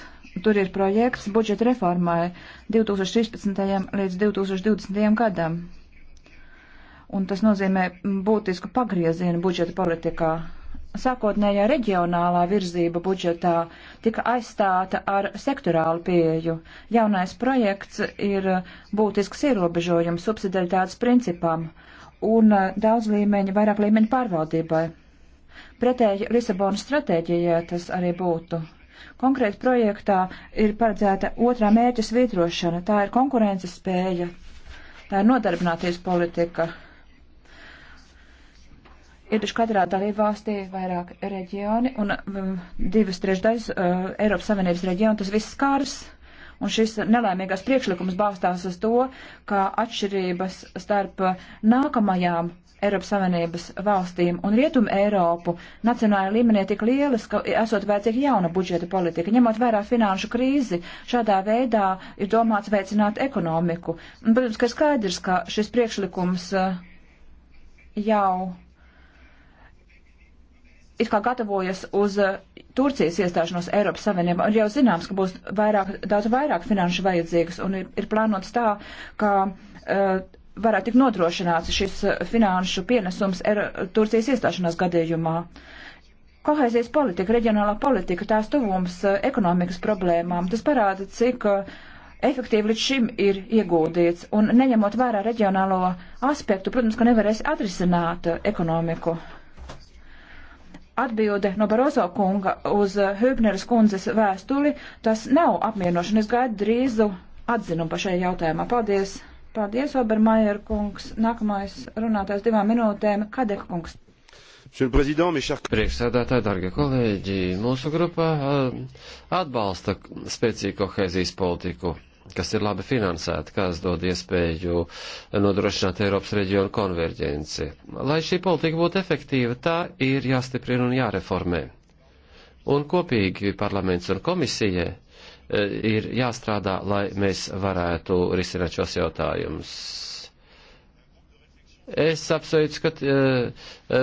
Tur ir projekts budžeta reformai 2016. līdz 2020. gadam. Un tas nozīmē būtisku pagriezienu budžeta politikā sākotnējā reģionālā virzība budžetā tika aizstāta ar sektorālu pieeju. Jaunais projekts ir būtisks ierobežojums subsidiaritātes principam un eh, daudz līmeņu, vairāk līmeņu pārvaldībai. Pretēji Lisabonas stratēģijai tas arī būtu. Konkrēti projektā ir paredzēta otrā mērķa svītrošana, tā ir konkurences spēja, tā ir nodarbināties politika Ir taču katrā dalībvalstī vairāk reģioni un um, divas trešdaļas uh, Eiropas Savienības reģionu tas viss skars. Un šis nelēmīgās priekšlikums balstās uz to, ka atšķirības starp nākamajām Eiropas Savienības valstīm un Rietumu Eiropu nacionālajā līmenī tik lielas, ka esot vajadzīga jauna budžeta politika. Ņemot vērā finanšu krīzi, šādā veidā ir domāts veicināt ekonomiku. Un, protams, ka skaidrs, ka šis priekšlikums uh, jau it kā gatavojas uz uh, Turcijas iestāšanos Eiropas Savienībā, un jau zināms, ka būs vairāk, daudz vairāk finanšu vajadzīgas, un ir, ir plānots tā, ka uh, varētu tik nodrošināts šis uh, finanšu pienesums er, Turcijas iestāšanās gadījumā. Kohēzijas politika, reģionālā politika, tās tuvums uh, ekonomikas problēmām, tas parāda, cik uh, efektīvi līdz šim ir iegūdīts, un neņemot vērā reģionālo aspektu, protams, ka nevarēs atrisināt uh, ekonomiku atbilde no Barozo kunga uz Höbneras kundzes vēstuli, tas nav apmierinoši, un es gaidu drīzu atzinu par šajā jautājumā. Paldies! Paldies, Obermajer kungs! Nākamais runātājs divām minūtēm - Kadeka kungs. Priekšsēdētāji, dargie kolēģi, mūsu grupā eh, atbalsta spēcīgu kohēzijas politiku kas ir labi finansēti, kas dod iespēju nodrošināt Eiropas reģionu konverģenci. Lai šī politika būtu efektīva, tā ir jāstiprina un jāreformē. Un kopīgi parlaments un komisijai e, ir jāstrādā, lai mēs varētu risināt šos jautājumus. Es apsveicu, ka e, e,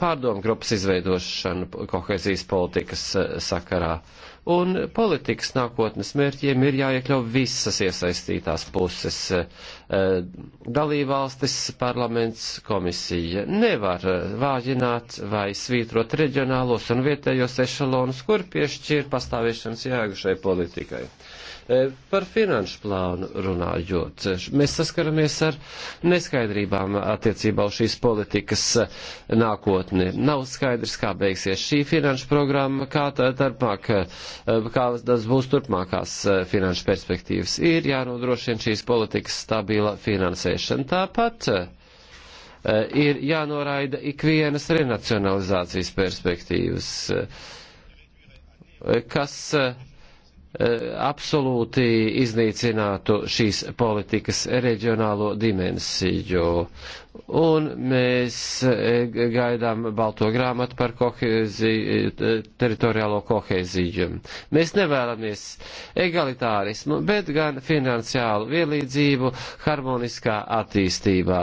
pārdomu grupas izveidošanu kohēzijas politikas sakarā. Uh, un politikas nākotnes mērķiem ir jāiekļauj visas iesaistītās puses eh, - dalībvalstis, parlaments, komisija. Nevar eh, vāģināt vai svītrot reģionālos un vietējos ešalonus, kur piešķir pastāvēšanas jēgu šai politikai. E, par finanšu plānu runājot, mēs saskaramies ar neskaidrībām attiecībā uz šīs politikas nākotni. Nav skaidrs, kā beigsies šī finanšu programma, kā, tarpmāk, e, kā tas būs turpmākās e, finanšu perspektīvas. Ir jānodrošina šīs politikas stabila finansēšana. Tāpat ir jānoraida ikvienas renacionalizācijas perspektīvas, kas E, absolūti iznīcinātu šīs politikas reģionālo dimensiju. Un mēs e, gaidām balto grāmatu par koheziju, e, teritoriālo koheziju. Mēs nevēlamies egalitārismu, bet gan finansiālu vienlīdzību harmoniskā attīstībā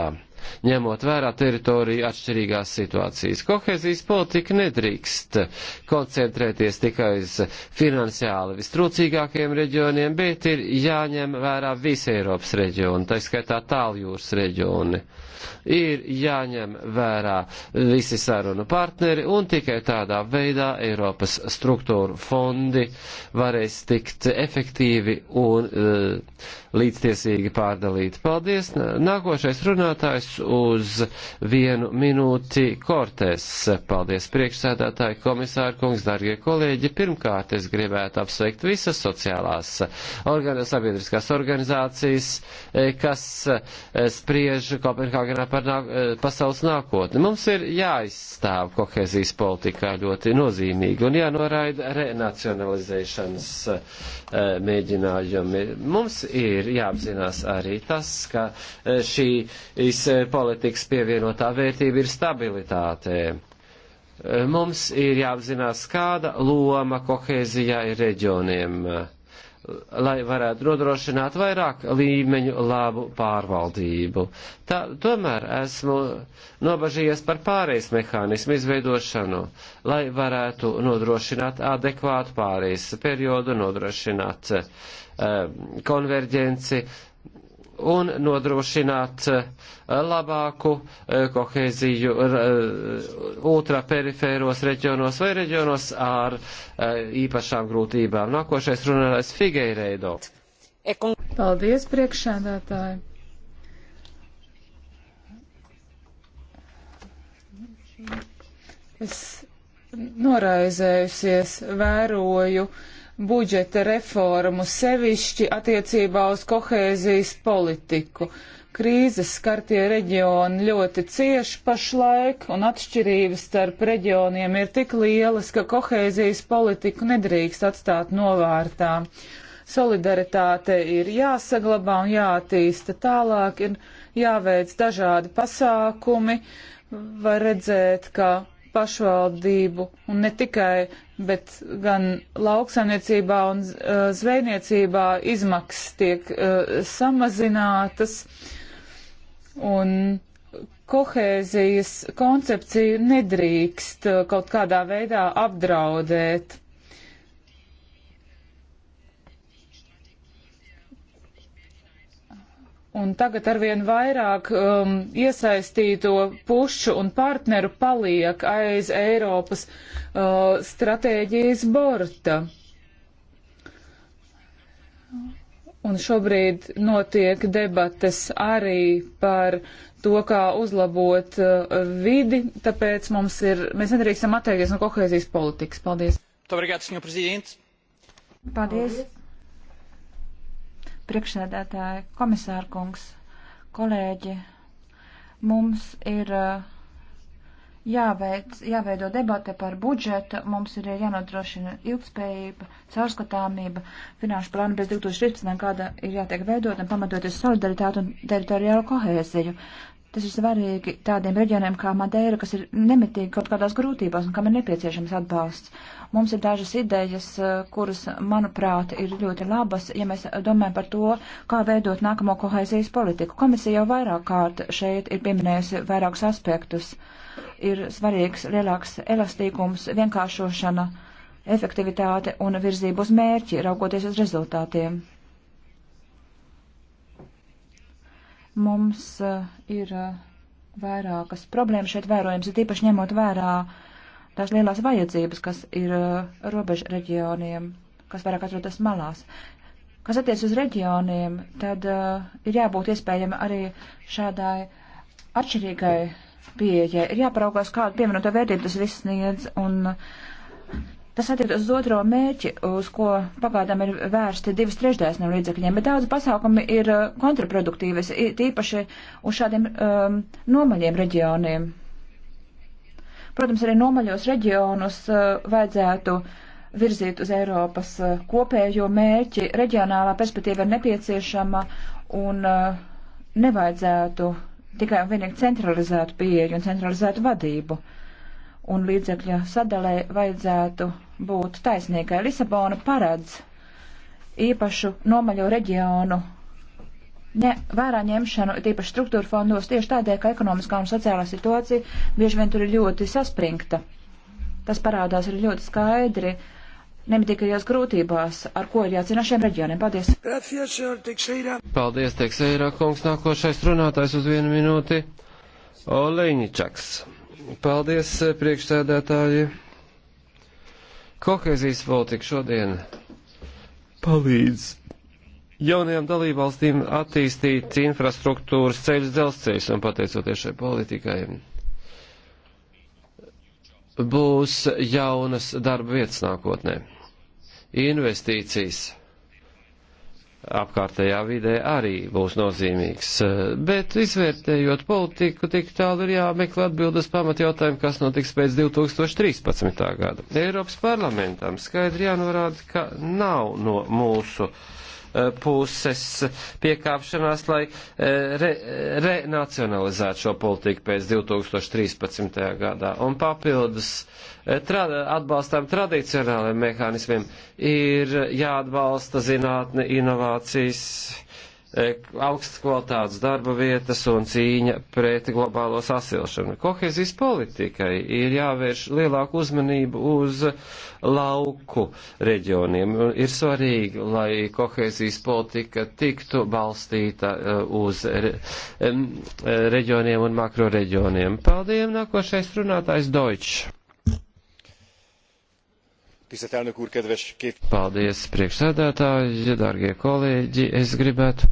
ņemot vērā teritoriju atšķirīgās situācijas. Kohezijas politika nedrīkst koncentrēties tikai uz finansiāli vistrūcīgākajiem reģioniem, bet ir jāņem vērā visi Eiropas reģioni, tā skaitā tāljūras reģioni. Ir jāņem vērā visi sarunu partneri un tikai tādā veidā Eiropas struktūru fondi varēs tikt efektīvi un uh, līdztiesīgi pārdalīti. Paldies! Nākošais runātājs uz vienu minūti Kortes. Paldies priekšsēdētāji, komisāri kungs, dargie kolēģi. Pirmkārt, es gribētu apsveikt visas sociālās organ sabiedriskās organizācijas, eh, kas eh, spriež Kopenhāgenā par nā eh, pasaules nākotni. Mums ir jāizstāv kohēzijas politikā ļoti nozīmīgi un jānoraida renacionalizēšanas mēģinājumi. Mums ir jāapzinās arī tas, ka šīs politikas pievienotā vērtība ir stabilitāte. Mums ir jāapzinās, kāda loma kohēzijā ir reģioniem, lai varētu nodrošināt vairāk līmeņu labu pārvaldību. Tā, tomēr esmu nobažījies par pārejas mehānismu izveidošanu, lai varētu nodrošināt adekvātu pārejas periodu, nodrošināt uh, konverģenci, uh, un nodrošināt eh, labāku eh, kohēziju eh, ultraperifēros reģionos vai reģionos ar īpašām grūtībām. Nākošais runātājs Figeireido. Paldies, priekšsēdētāji. Es noraizējusies, vēroju uh, budžeta reformu, sevišķi attiecībā uz kohēzijas politiku. Krīzes skartie reģioni ļoti cieši pašlaik, un atšķirības starp reģioniem ir tik lielas, ka kohēzijas politiku nedrīkst atstāt novārtā. Solidaritāte ir jāsaglabā un jātīsta tālāk, ir jāveic dažādi pasākumi, var redzēt, ka pašvaldību un ne tikai bet gan lauksaimniecībā un eh, zvejniecībā izmaksas tiek uh, samazinātas un kohēzijas koncepciju nedrīkst eh, kaut kādā veidā apdraudēt. un tagad arvien vairāk um, iesaistīto pušu un partneru paliek aiz Eiropas uh, stratēģijas borta. Un šobrīd notiek debates arī par to, kā uzlabot uh, vidi, tāpēc mums ir, mēs nedrīkstam atteikties no kohēzijas politikas. Paldies. Obrigado, Paldies priekšsēdētāji, komisārkungs, kolēģi. Mums ir eh, jāveic, jāveido debate par budžetu, mums ir jānodrošina ilgspējība, caurskatāmība, finanšu plānu pēc 2013. gada ir jātiek veidot un pamatoties solidaritātu un teritoriālu kohēziju. Tas ir svarīgi tādiem reģioniem kā Madeira, kas ir nemitīgi kaut kādās grūtībās un kam ir nepieciešams atbalsts. Mums ir dažas idejas, eh, kuras, manuprāt, ir ļoti labas, ja mēs domājam par to, kā veidot nākamo kohēzijas politiku. Komisija jau vairāk kārt šeit ir pieminējusi vairākus aspektus. Ir svarīgs lielāks elastīgums, vienkāršošana, efektivitāte un virzība uz mērķi, raugoties uz rezultātiem. Mums eh, ir eh, vairākas problēmas šeit vērojams, ir īpaši ņemot vērā tās lielās vajadzības, kas ir eh, robežu reģioniem, kas vairāk atrodas malās. Kas attiec uz reģioniem, tad uh, ir jābūt iespējami arī šādai atšķirīgai pieejai. Ir jāparaugās, kādu pievienoto vērtību tas viss sniedz. Un, uh, Tas attiec uz otro mērķi, uz ko pagaidām ir vērsti divas trešdaļas no līdzekļiem, bet daudz pasākumi ir uh, kontraproduktīvas, tīpaši uz šādiem um, nomaļiem reģioniem. Protams, arī nomaļos reģionus uh, vajadzētu uh, virzīt uz Eiropas uh, kopējo mērķi. Reģionālā perspektīva ir nepieciešama un uh, nevajadzētu tikai un vienīgi centralizētu pieeju un centralizētu vadību un līdzekļa sadalē vajadzētu būt taisnīgai. Lisabona paredz īpašu nomaļo reģionu ne, vērā ņemšanu, tīpaši struktūra fondos, tieši tādēļ, ka ekonomiskā un sociālā situācija bieži vien tur ir ļoti saspringta. Tas parādās arī ļoti skaidri nemitīgajās grūtībās, ar ko ir jācīnā šiem reģioniem. Paldies! Paldies, Tekseira kungs, nākošais runātājs uz vienu minūti. Oleņičaks. Paldies, eh, priekšsēdētāji. Kohēzijas politika šodien palīdz jaunajām dalībvalstīm attīstīt infrastruktūras ceļus, dzelzceļus, un pateicoties šai politikai būs jaunas darba vietas nākotnē. Investīcijas apkārtējā vidē arī būs nozīmīgs. Bet izvērtējot politiku, tik tālu ir jāmeklē atbildes pamatjautājumu, kas notiks pēc 2013. gada. Eiropas parlamentam skaidri jānorāda, ka nav no mūsu uh, puses piekāpšanās, lai eh, re, renacionalizētu šo politiku pēc 2013. gadā. Un papildus eh, tra, atbalstām tradicionālajiem mehānismiem ir jāatbalsta zinātne, inovācijas E, augstas kvalitātes darba vietas un cīņa pret globālo sasilšanu. Kohezijas politikai ir jāvērš lielāku uzmanību uz lauku reģioniem. Ir svarīgi, lai kohezijas politika tiktu balstīta e, uz e, reģioniem un makroreģioniem. Paldies, nākošais runātājs Deutsch. Tisztelt elnök úr, kedves két... Paldies, priekšsēdētāji, dārgie kolēģi. Es gribētu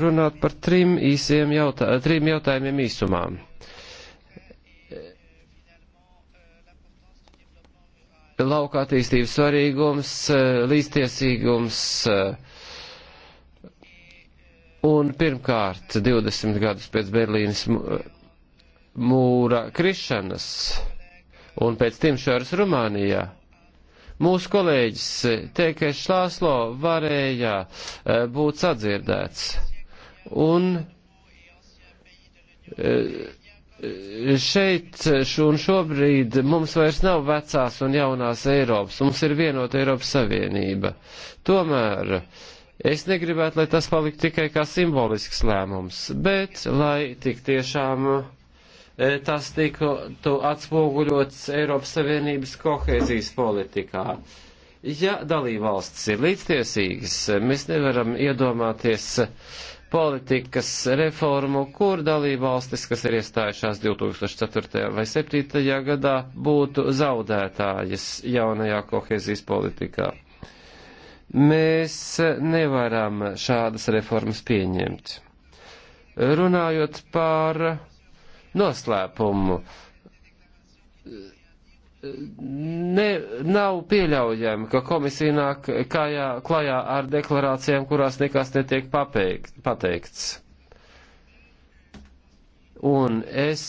runāt par trim, īsiem jautā, trim jautājumiem īsumā. Lauka attīstības svarīgums, līdztiesīgums un pirmkārt 20 gadus pēc Berlīnas mūra krišanas un pēc Timšāras Rumānijā Mūsu kolēģis eh, Tēkais Šlāslo varēja eh, būt sadzirdēts. Un eh, šeit šo un šobrīd mums vairs nav vecās un jaunās Eiropas, mums ir vienota Eiropas Savienība. Tomēr es negribētu, lai tas palikt tikai kā simbolisks lēmums, bet lai tik tiešām uh, E, tas tiktu atspoguļots Eiropas Savienības kohēzijas politikā. Ja dalībvalstis ir līdztiesīgas, mēs nevaram iedomāties politikas reformu, kur dalībvalstis, kas ir iestājušās 2004. vai 2007. gadā, būtu zaudētājas jaunajā kohēzijas politikā. Mēs nevaram šādas reformas pieņemt. Runājot par noslēpumu. Ne, nav pieļaujami, ka komisija nāk kājā, klajā ar deklarācijām, kurās nekas netiek papeikt, pateikts. Un es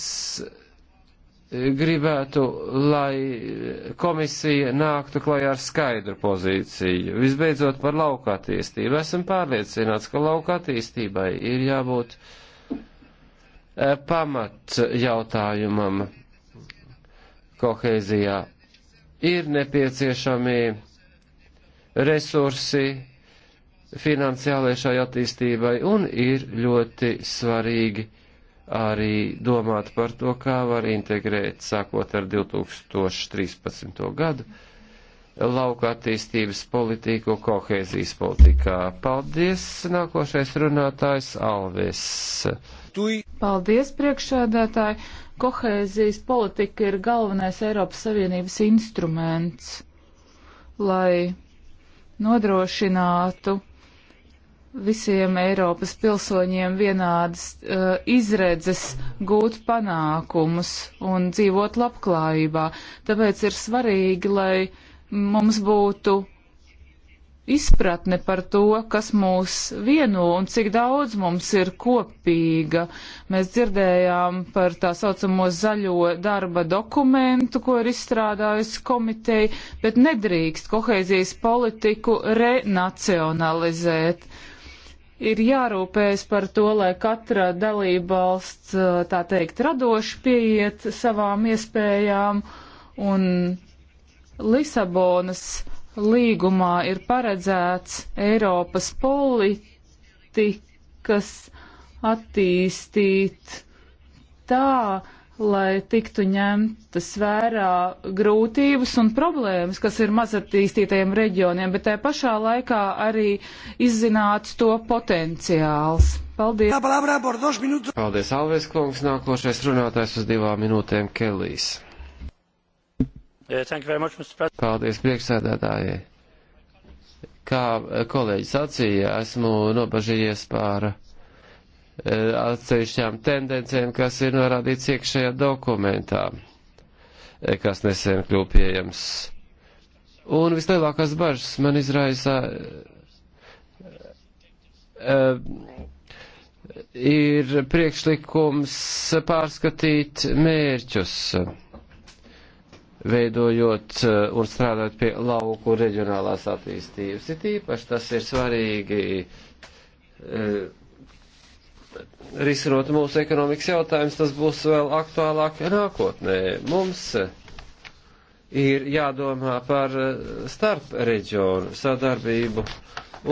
gribētu, lai komisija nāktu klajā ar skaidru pozīciju. Visbeidzot par lauka attīstību. Esam pārliecināts, ka lauka attīstībai ir jābūt uh, Eh, pamat jautājumam kohēzijā ir nepieciešami resursi finansiālajai šai attīstībai un ir ļoti svarīgi arī domāt par to, kā var integrēt sākot ar 2013. gadu lauka attīstības politiku kohēzijas politikā. Paldies, nākošais runātājs Alves. Paldies, priekšsēdētāji. Kohēzijas politika ir galvenais Eiropas Savienības instruments, lai nodrošinātu visiem Eiropas pilsoņiem vienādas uh, izredzes gūt panākumus un dzīvot labklājībā. Tāpēc ir svarīgi, lai mums būtu izpratne par to, kas mūs vieno un cik daudz mums ir kopīga. Mēs dzirdējām par tā saucamo zaļo darba dokumentu, ko ir izstrādājusi komiteja, bet nedrīkst kohēzijas politiku renacionalizēt. Ir jārūpējas par to, lai katra dalībvalsts, tā teikt, radoši pieiet savām iespējām un Lisabonas līgumā ir paredzēts Eiropas politikas attīstīt tā, lai tiktu ņemtas vērā grūtības un problēmas, kas ir mazattīstītajiem reģioniem, bet tajā pašā laikā arī izzināts to potenciāls. Paldies! Paldies, Alves Kungs, nākošais runātājs uz divām minūtēm Kelijs. Uh, Paldies priekšsēdētājai. Kā uh, kolēģis sacīja, esmu nobažījies pār uh, atsevišķām tendencēm, kas ir norādīts iekšējā dokumentā, kas nesen kļūp pieejams. Un vislielākās bažas man izraisa ir priekšlikums pārskatīt mērķus veidojot eh, un strādāt pie lauku reģionālās attīstības. Ir īpaši tas ir svarīgi eh, risinot mūsu ekonomikas jautājums, tas būs vēl aktuālāk nākotnē. Mums eh, ir jādomā par starp reģionu sadarbību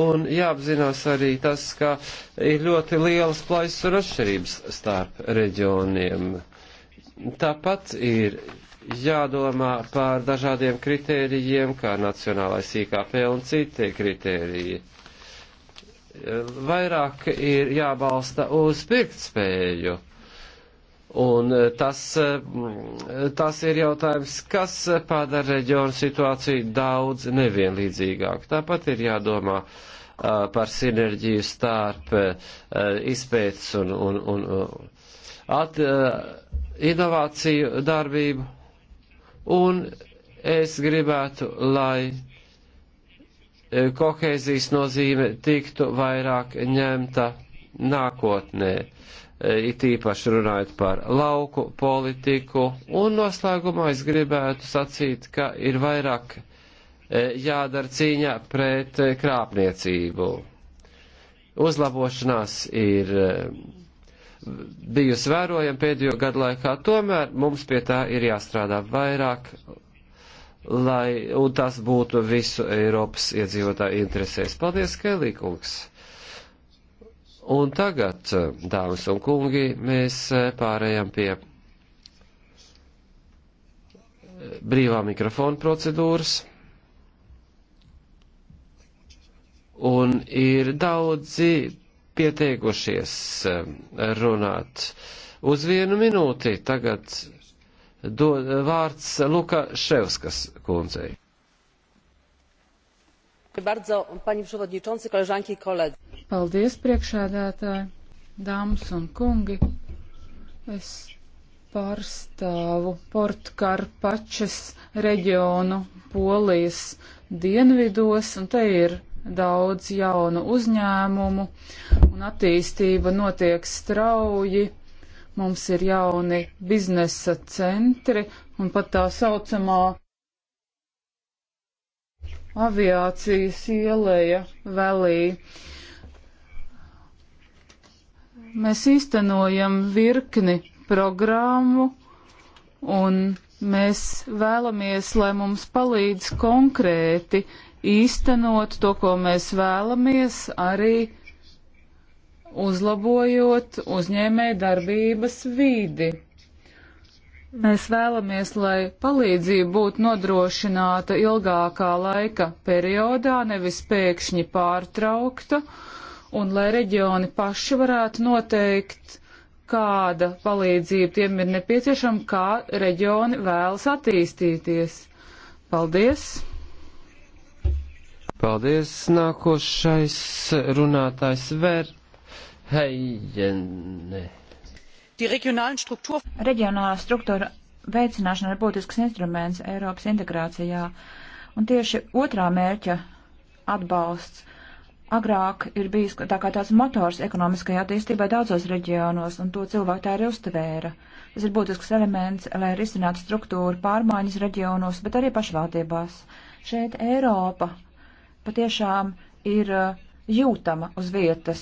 un jāapzinās arī tas, ka ir ļoti lielas plaisas un atšķirības starp reģioniem. Tāpat ir jādomā par dažādiem kritērijiem, kā nacionālais IKP un citi kritēriji. Vairāk ir jābalsta uz pirktspēju. Un tas, tas ir jautājums, kas padara reģionu situāciju daudz nevienlīdzīgāku. Tāpat ir jādomā par sinerģiju starp izpētes un, un, un at, inovāciju darbību Un es gribētu, lai e, kohēzijas nozīme tiktu vairāk ņemta nākotnē, e, it īpaši runājot par lauku politiku. Un noslēgumā es gribētu sacīt, ka ir vairāk e, jādara cīņa pret krāpniecību. Uzlabošanās ir bijusi vērojama pēdējo gadu laikā, tomēr mums pie tā ir jāstrādā vairāk, lai, un tas būtu visu Eiropas iedzīvotāju interesēs. Paldies, Kelī kungs! Un tagad, eh, dāmas un kungi, mēs eh, pārējām pie eh, brīvā mikrofona procedūras. Un ir daudzi pieteikušies eh, runāt uz vienu minūti. Tagad do, vārds Luka Ševskas kundzei. Paldies, priekšādātāji, dāmas un kungi. Es pārstāvu Portkarpačes reģionu Polijas dienvidos, un te ir daudz jaunu uzņēmumu un attīstība notiek strauji. Mums ir jauni biznesa centri un pat tā saucamā aviācijas ielēja velī. Mēs īstenojam virkni programmu un mēs vēlamies, lai mums palīdz konkrēti īstenot to, ko mēs vēlamies, arī uzlabojot uzņēmēju darbības vīdi. Mēs vēlamies, lai palīdzība būtu nodrošināta ilgākā laika periodā, nevis pēkšņi pārtraukta, un lai reģioni paši varētu noteikt, kāda palīdzība tiem ir nepieciešama, kā reģioni vēlas attīstīties. Paldies! Paldies. Nākošais runātājs Ver Heijene. Reģionālā struktūra veicināšana ir būtisks instruments Eiropas integrācijā, un tieši otrā mērķa atbalsts agrāk ir bijis tā kā tāds motors ekonomiskajā attīstībā daudzos reģionos, un to cilvēku tā arī uztvēra. Tas ir būtisks elements, lai risinātu struktūru pārmaiņas reģionos, bet arī pašvaldībās. Šeit Eiropa patiešām ir eh, jūtama uz vietas.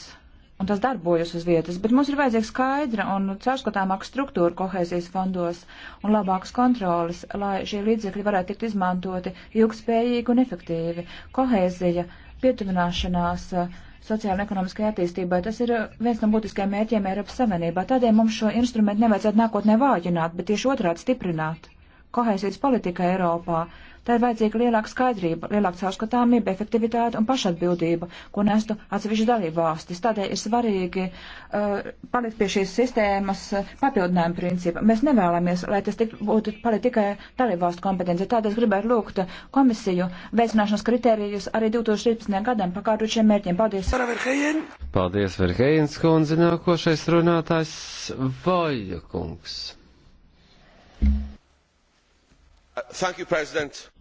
Un tas darbojas uz vietas, bet mums ir vajadzīga skaidra un caurskatāmāka struktūra kohēzijas fondos un labākas kontrolas, lai šie līdzekļi varētu tikt izmantoti ilgspējīgi un efektīvi. Kohēzija, pietuvināšanās eh, sociāla un ekonomiskajai attīstībai, tas ir eh, viens no būtiskajiem mērķiem Eiropas Savienībā. Tādēļ mums šo instrumentu nevajadzētu nākotnē vājināt, bet tieši otrādi stiprināt kohēsijas politika Eiropā. Tā ir vajadzīga lielāka skaidrība, lielāka caurskatāmība, efektivitāte un pašatbildība, ko nestu atsevišķi dalību valstis. Tādēļ ir svarīgi uh, palikt pie šīs sistēmas uh, papildinājuma principa. Mēs nevēlamies, lai tas tik, būtu palikt tikai dalību valstu kompetence. Tādēļ es gribētu lūgt komisiju veicināšanas kritērijus arī 2013. gadam pakārtot šiem mērķiem. Paldies! Paldies, Verheijens kundze, nākošais runātājs Vaļa kungs. Uh, you,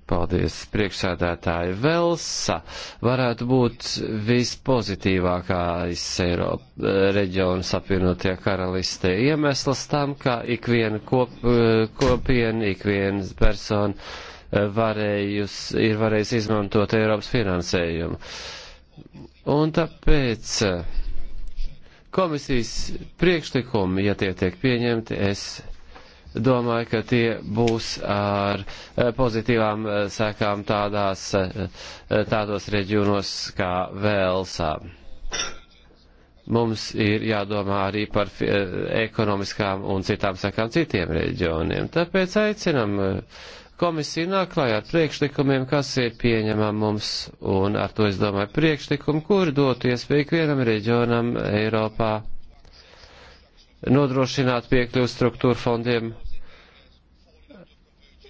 Paldies, priekšsēdētāji. Velsa varētu būt vispozitīvākais Eiropa uh, reģions apvienotie karalistē. Iemesls tam, ka ikviena kop, uh, kopiena, ikviena persona varējus, ir varējusi izmantot Eiropas finansējumu. Un tāpēc komisijas priekšlikumi, ja tie tiek pieņemti, es domāju, ka tie būs ar eh, pozitīvām eh, sekām tādās, eh, tādos reģionos kā Velsā. Mums ir jādomā arī par ekonomiskām un citām sekām citiem reģioniem. Tāpēc aicinam komisiju nāk klājā ar priekšlikumiem, kas ir pieņemam mums, un ar to es domāju priekšlikumu, kuri dotu iespēju ikvienam reģionam Eiropā nodrošināt piekļuvu struktūra fondiem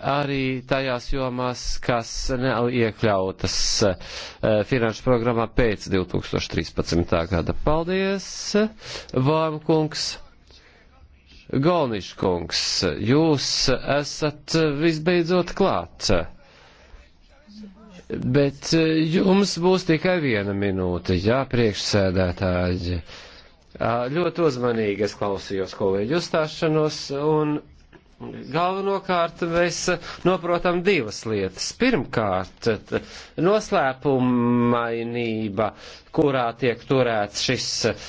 arī tajās jomās, kas nav iekļautas eh, finanšu programmā pēc 2013. gada. Paldies, Vāmkungs! Golniškungs, jūs esat visbeidzot klāt, bet eh, jums būs tikai viena minūte, jā, priekšsēdētāji. Ah, ļoti uzmanīgi es klausījos kolēģi uzstāšanos un Galvenokārt mēs noprotam divas lietas. Pirmkārt, noslēpumainība kurā tiek turēts šis eh,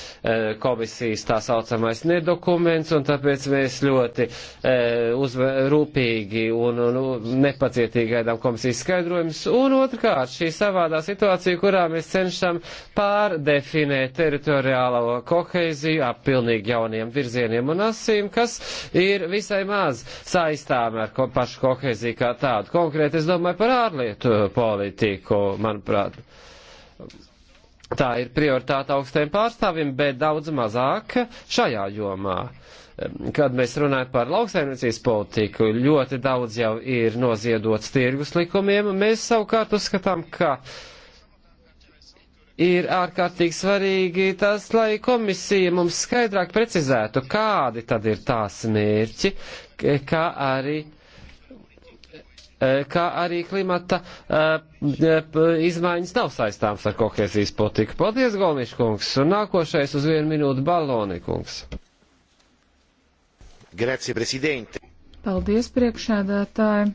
komisijas tā saucamais nedokuments, un tāpēc mēs ļoti eh, rūpīgi un, un, un nepacietīgi gaidām komisijas skaidrojumus. Un otrkārt, šī savādā situācija, kurā mēs cenšam pārdefinēt teritoriālo koheiziju ap pilnīgi jauniem virzieniem un asīm, kas ir visai maz saistām ar ko, pašu koheiziju kā tādu. Konkrēti, es domāju par ārlietu politiku, manuprāt tā ir prioritāte augstiem pārstāvjiem, bet daudz mazāk šajā jomā. Kad mēs runājam par lauksaimniecības politiku, ļoti daudz jau ir noziedots tirgus likumiem, mēs savukārt uzskatām, ka ir ārkārtīgi svarīgi tas, lai komisija mums skaidrāk precizētu, kādi tad ir tās mērķi, kā arī Eh, kā arī klimata eh, izmaiņas nav saistāms ar kohēzijas politiku. Paldies, Golniš kungs, un nākošais uz vienu minūtu Baloni kungs. Grazie, prezidente. Paldies, priekšēdētāji.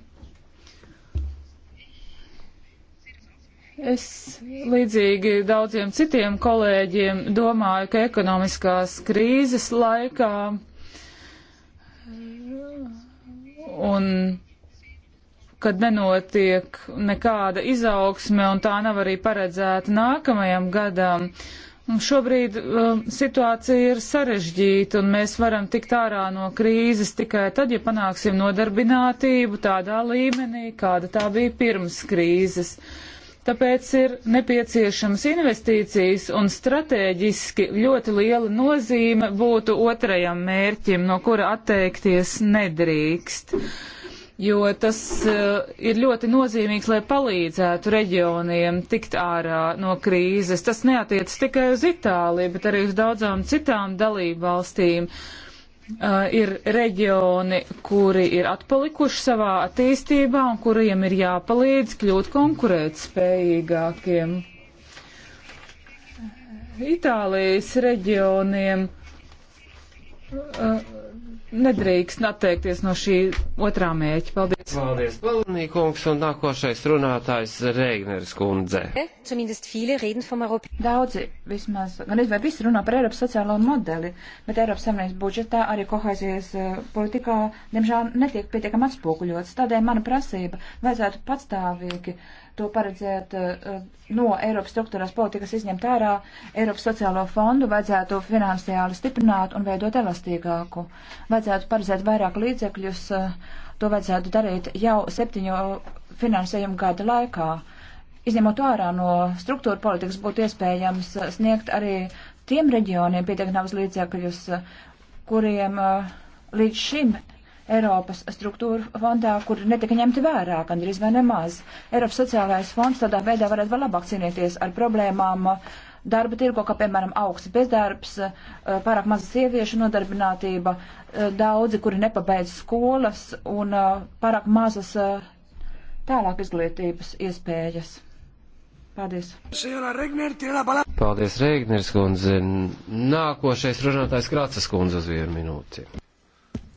Es līdzīgi daudziem citiem kolēģiem domāju, ka ekonomiskās krīzes laikā un kad nenotiek nekāda izaugsme un tā nav arī paredzēta nākamajam gadam. Un šobrīd uh, situācija ir sarežģīta un mēs varam tikt ārā no krīzes tikai tad, ja panāksim nodarbinātību tādā līmenī, kāda tā bija pirms krīzes. Tāpēc ir nepieciešams investīcijas un strateģiski ļoti liela nozīme būtu otrajam mērķim, no kura atteikties nedrīkst. Uh, jo tas uh, ir ļoti nozīmīgs, lai palīdzētu reģioniem tikt ārā no krīzes. Tas neatiec tikai uz Itāliju, bet arī uz daudzām citām dalību valstīm. Uh, ir reģioni, kuri ir atpalikuši savā attīstībā un kuriem ir jāpalīdz kļūt konkurētspējīgākiem. Itālijas reģioniem uh, nedrīkst atteikties no šī otrā mēķa. Paldies! Paldies, Palnīkungs, un nākošais runātājs Reigneris kundze. Daudzi, vismaz, gan es vai visi runā par Eiropas sociālo modeli, bet Eiropas savienības budžetā arī kohēzijas eh, politikā, diemžēl, netiek pietiekam atspoguļots. Tādēļ mana prasība vajadzētu patstāvīgi uh, to paredzēt eh, no Eiropas struktūrās politikas izņemt ārā, Eiropas sociālo fondu vajadzētu finansiāli stiprināt un veidot elastīgāku. Vajadzētu paredzēt vairāk līdzekļus, eh, to vajadzētu darīt jau septiņo finansējumu gada laikā. Izņemot ārā no struktūra politikas būtu iespējams eh, sniegt arī tiem reģioniem pietiekams līdzekļus, kuriem līdz šim Eiropas struktūra fondā, kur netika ņemti vērā, gandrīz vai nemaz. Eiropas sociālais fonds tādā veidā varētu vēl labāk cīnīties ar problēmām darba tirgo, kā piemēram augsts bezdarbs, eh, pārāk maza sieviešu nodarbinātība, eh, daudzi, kuri nepabeidz skolas un eh, pārāk mazas tālāk izglītības iespējas. Paldies. Paldies, Reigneris kundze. Nākošais runātājs Krācas kundze uz vienu minūti.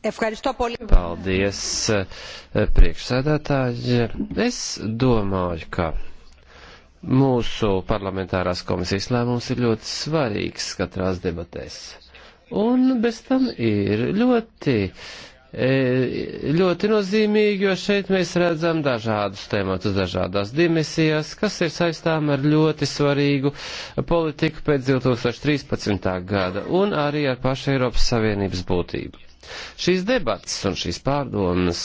Paldies, eh, priekšsēdētāji. Es domāju, ka mūsu parlamentārās komisijas lēmums ir ļoti svarīgs katrās debatēs. Un bez tam ir ļoti eh, ļoti nozīmīgi, jo šeit mēs redzam dažādus tēmatus, dažādās dimensijās, kas ir saistām ar ļoti svarīgu politiku pēc 2013. gada un arī ar pašu Eiropas Savienības būtību. Šīs debatas un šīs pārdomas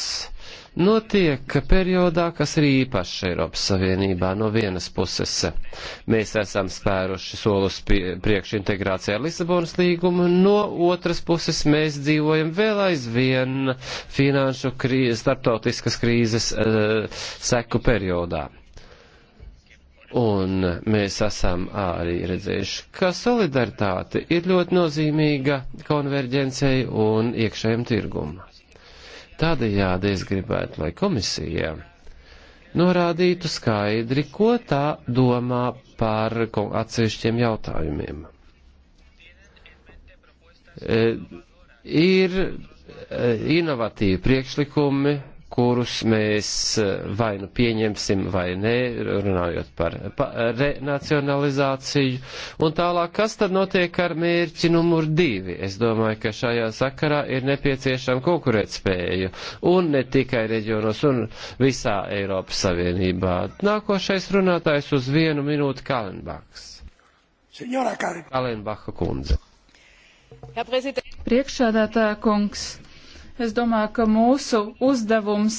notiek periodā, kas ir īpašs Eiropas Savienībā no vienas puses. Mēs esam spēruši solus priekš integrācijā Lisabonas līgumu, no otras puses mēs dzīvojam vēl aizvien finanšu krīzes, starptautiskas krīzes uh, seku periodā. Un mēs esam arī redzējuši, ka solidaritāte ir ļoti nozīmīga konverģencei un iekšējiem tirgumam. Tādējādi es gribētu, lai komisija norādītu skaidri, ko tā domā par atsevišķiem jautājumiem. E, ir e, inovatīvi priekšlikumi, kurus mēs eh, vai nu pieņemsim vai nē, runājot par renacionalizāciju. Un tālāk, kas tad notiek ar mērķi numur divi? Es domāju, ka šajā sakarā ir nepieciešama konkurētspēja un ne tikai reģionos un visā Eiropas Savienībā. Nākošais runātājs uz vienu minūti Kalenbaks. Kalenbaka kundze. Priekšsādātā kungs. Es domāju, ka mūsu uzdevums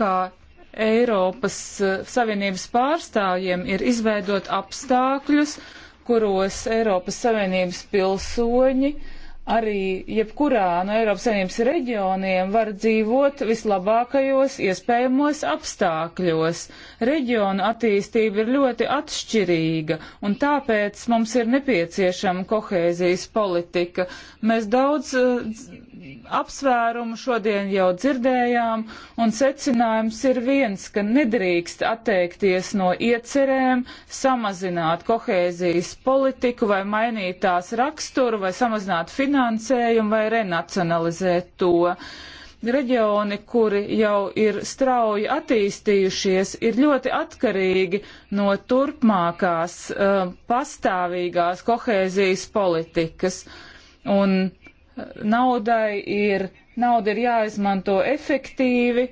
kā Eiropas eh, Savienības pārstāvjiem ir izveidot apstākļus, kuros Eiropas Savienības pilsoņi arī jebkurā no Eiropas Savienības reģioniem var dzīvot vislabākajos iespējamos apstākļos. Reģiona attīstība ir ļoti atšķirīga, un tāpēc mums ir nepieciešama kohēzijas politika. Mēs daudz uh, apsvērumu šodien jau dzirdējām, un secinājums ir viens, ka nedrīkst atteikties no iecerēm, samazināt kohēzijas politiku vai mainīt tās raksturu vai samazināt finansējumu vai renacionalizēt to. Reģioni, kuri jau ir strauji attīstījušies, ir ļoti atkarīgi no turpmākās uh, pastāvīgās kohēzijas politikas. Un naudai ir, nauda ir jāizmanto efektīvi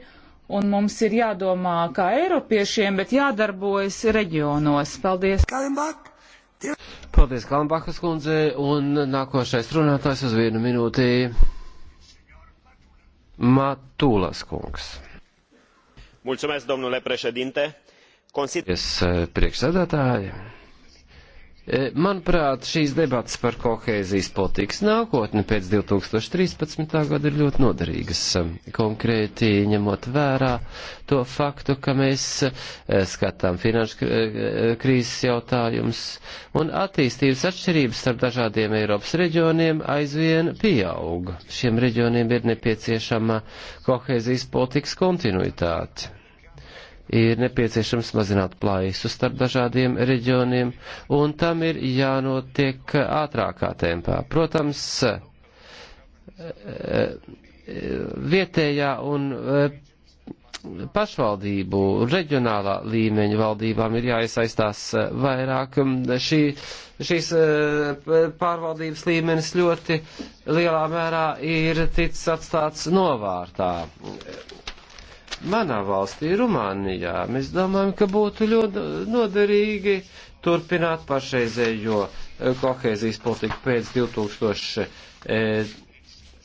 un mums ir jādomā kā eiropiešiem, bet jādarbojas reģionos. Paldies! Kalimbak. Paldies, Kalnbachas kundze, un nākošais runātājs uz vienu minūti Matūlas kungs. Mulțumesc, domnule președinte. Consider... Es priekšsēdētāji. E, manuprāt, šīs debatas par kohēzijas politikas nākotni pēc 2013. gada ir ļoti noderīgas, konkrēti ņemot vērā to faktu, ka mēs e, skatām finanšu e, krīzes jautājumus un attīstības atšķirības starp dažādiem Eiropas reģioniem aizvien pieaug. Šiem reģioniem ir nepieciešama kohēzijas politikas kontinuitāte ir nepieciešams mazināt plaisu starp dažādiem reģioniem, un tam ir jānotiek ātrākā tempā. Protams, vietējā un eh, pašvaldību, reģionālā līmeņa valdībām ir jāiesaistās eh, vairāk. Mm, šī, šīs eh, pārvaldības līmenis ļoti lielā mērā ir ticis atstāts novārtā. Manā valstī, Rumānijā, mēs domājam, ka būtu ļoti noderīgi turpināt pašreizējo eh, kohēzijas politiku pēc 2013. Eh,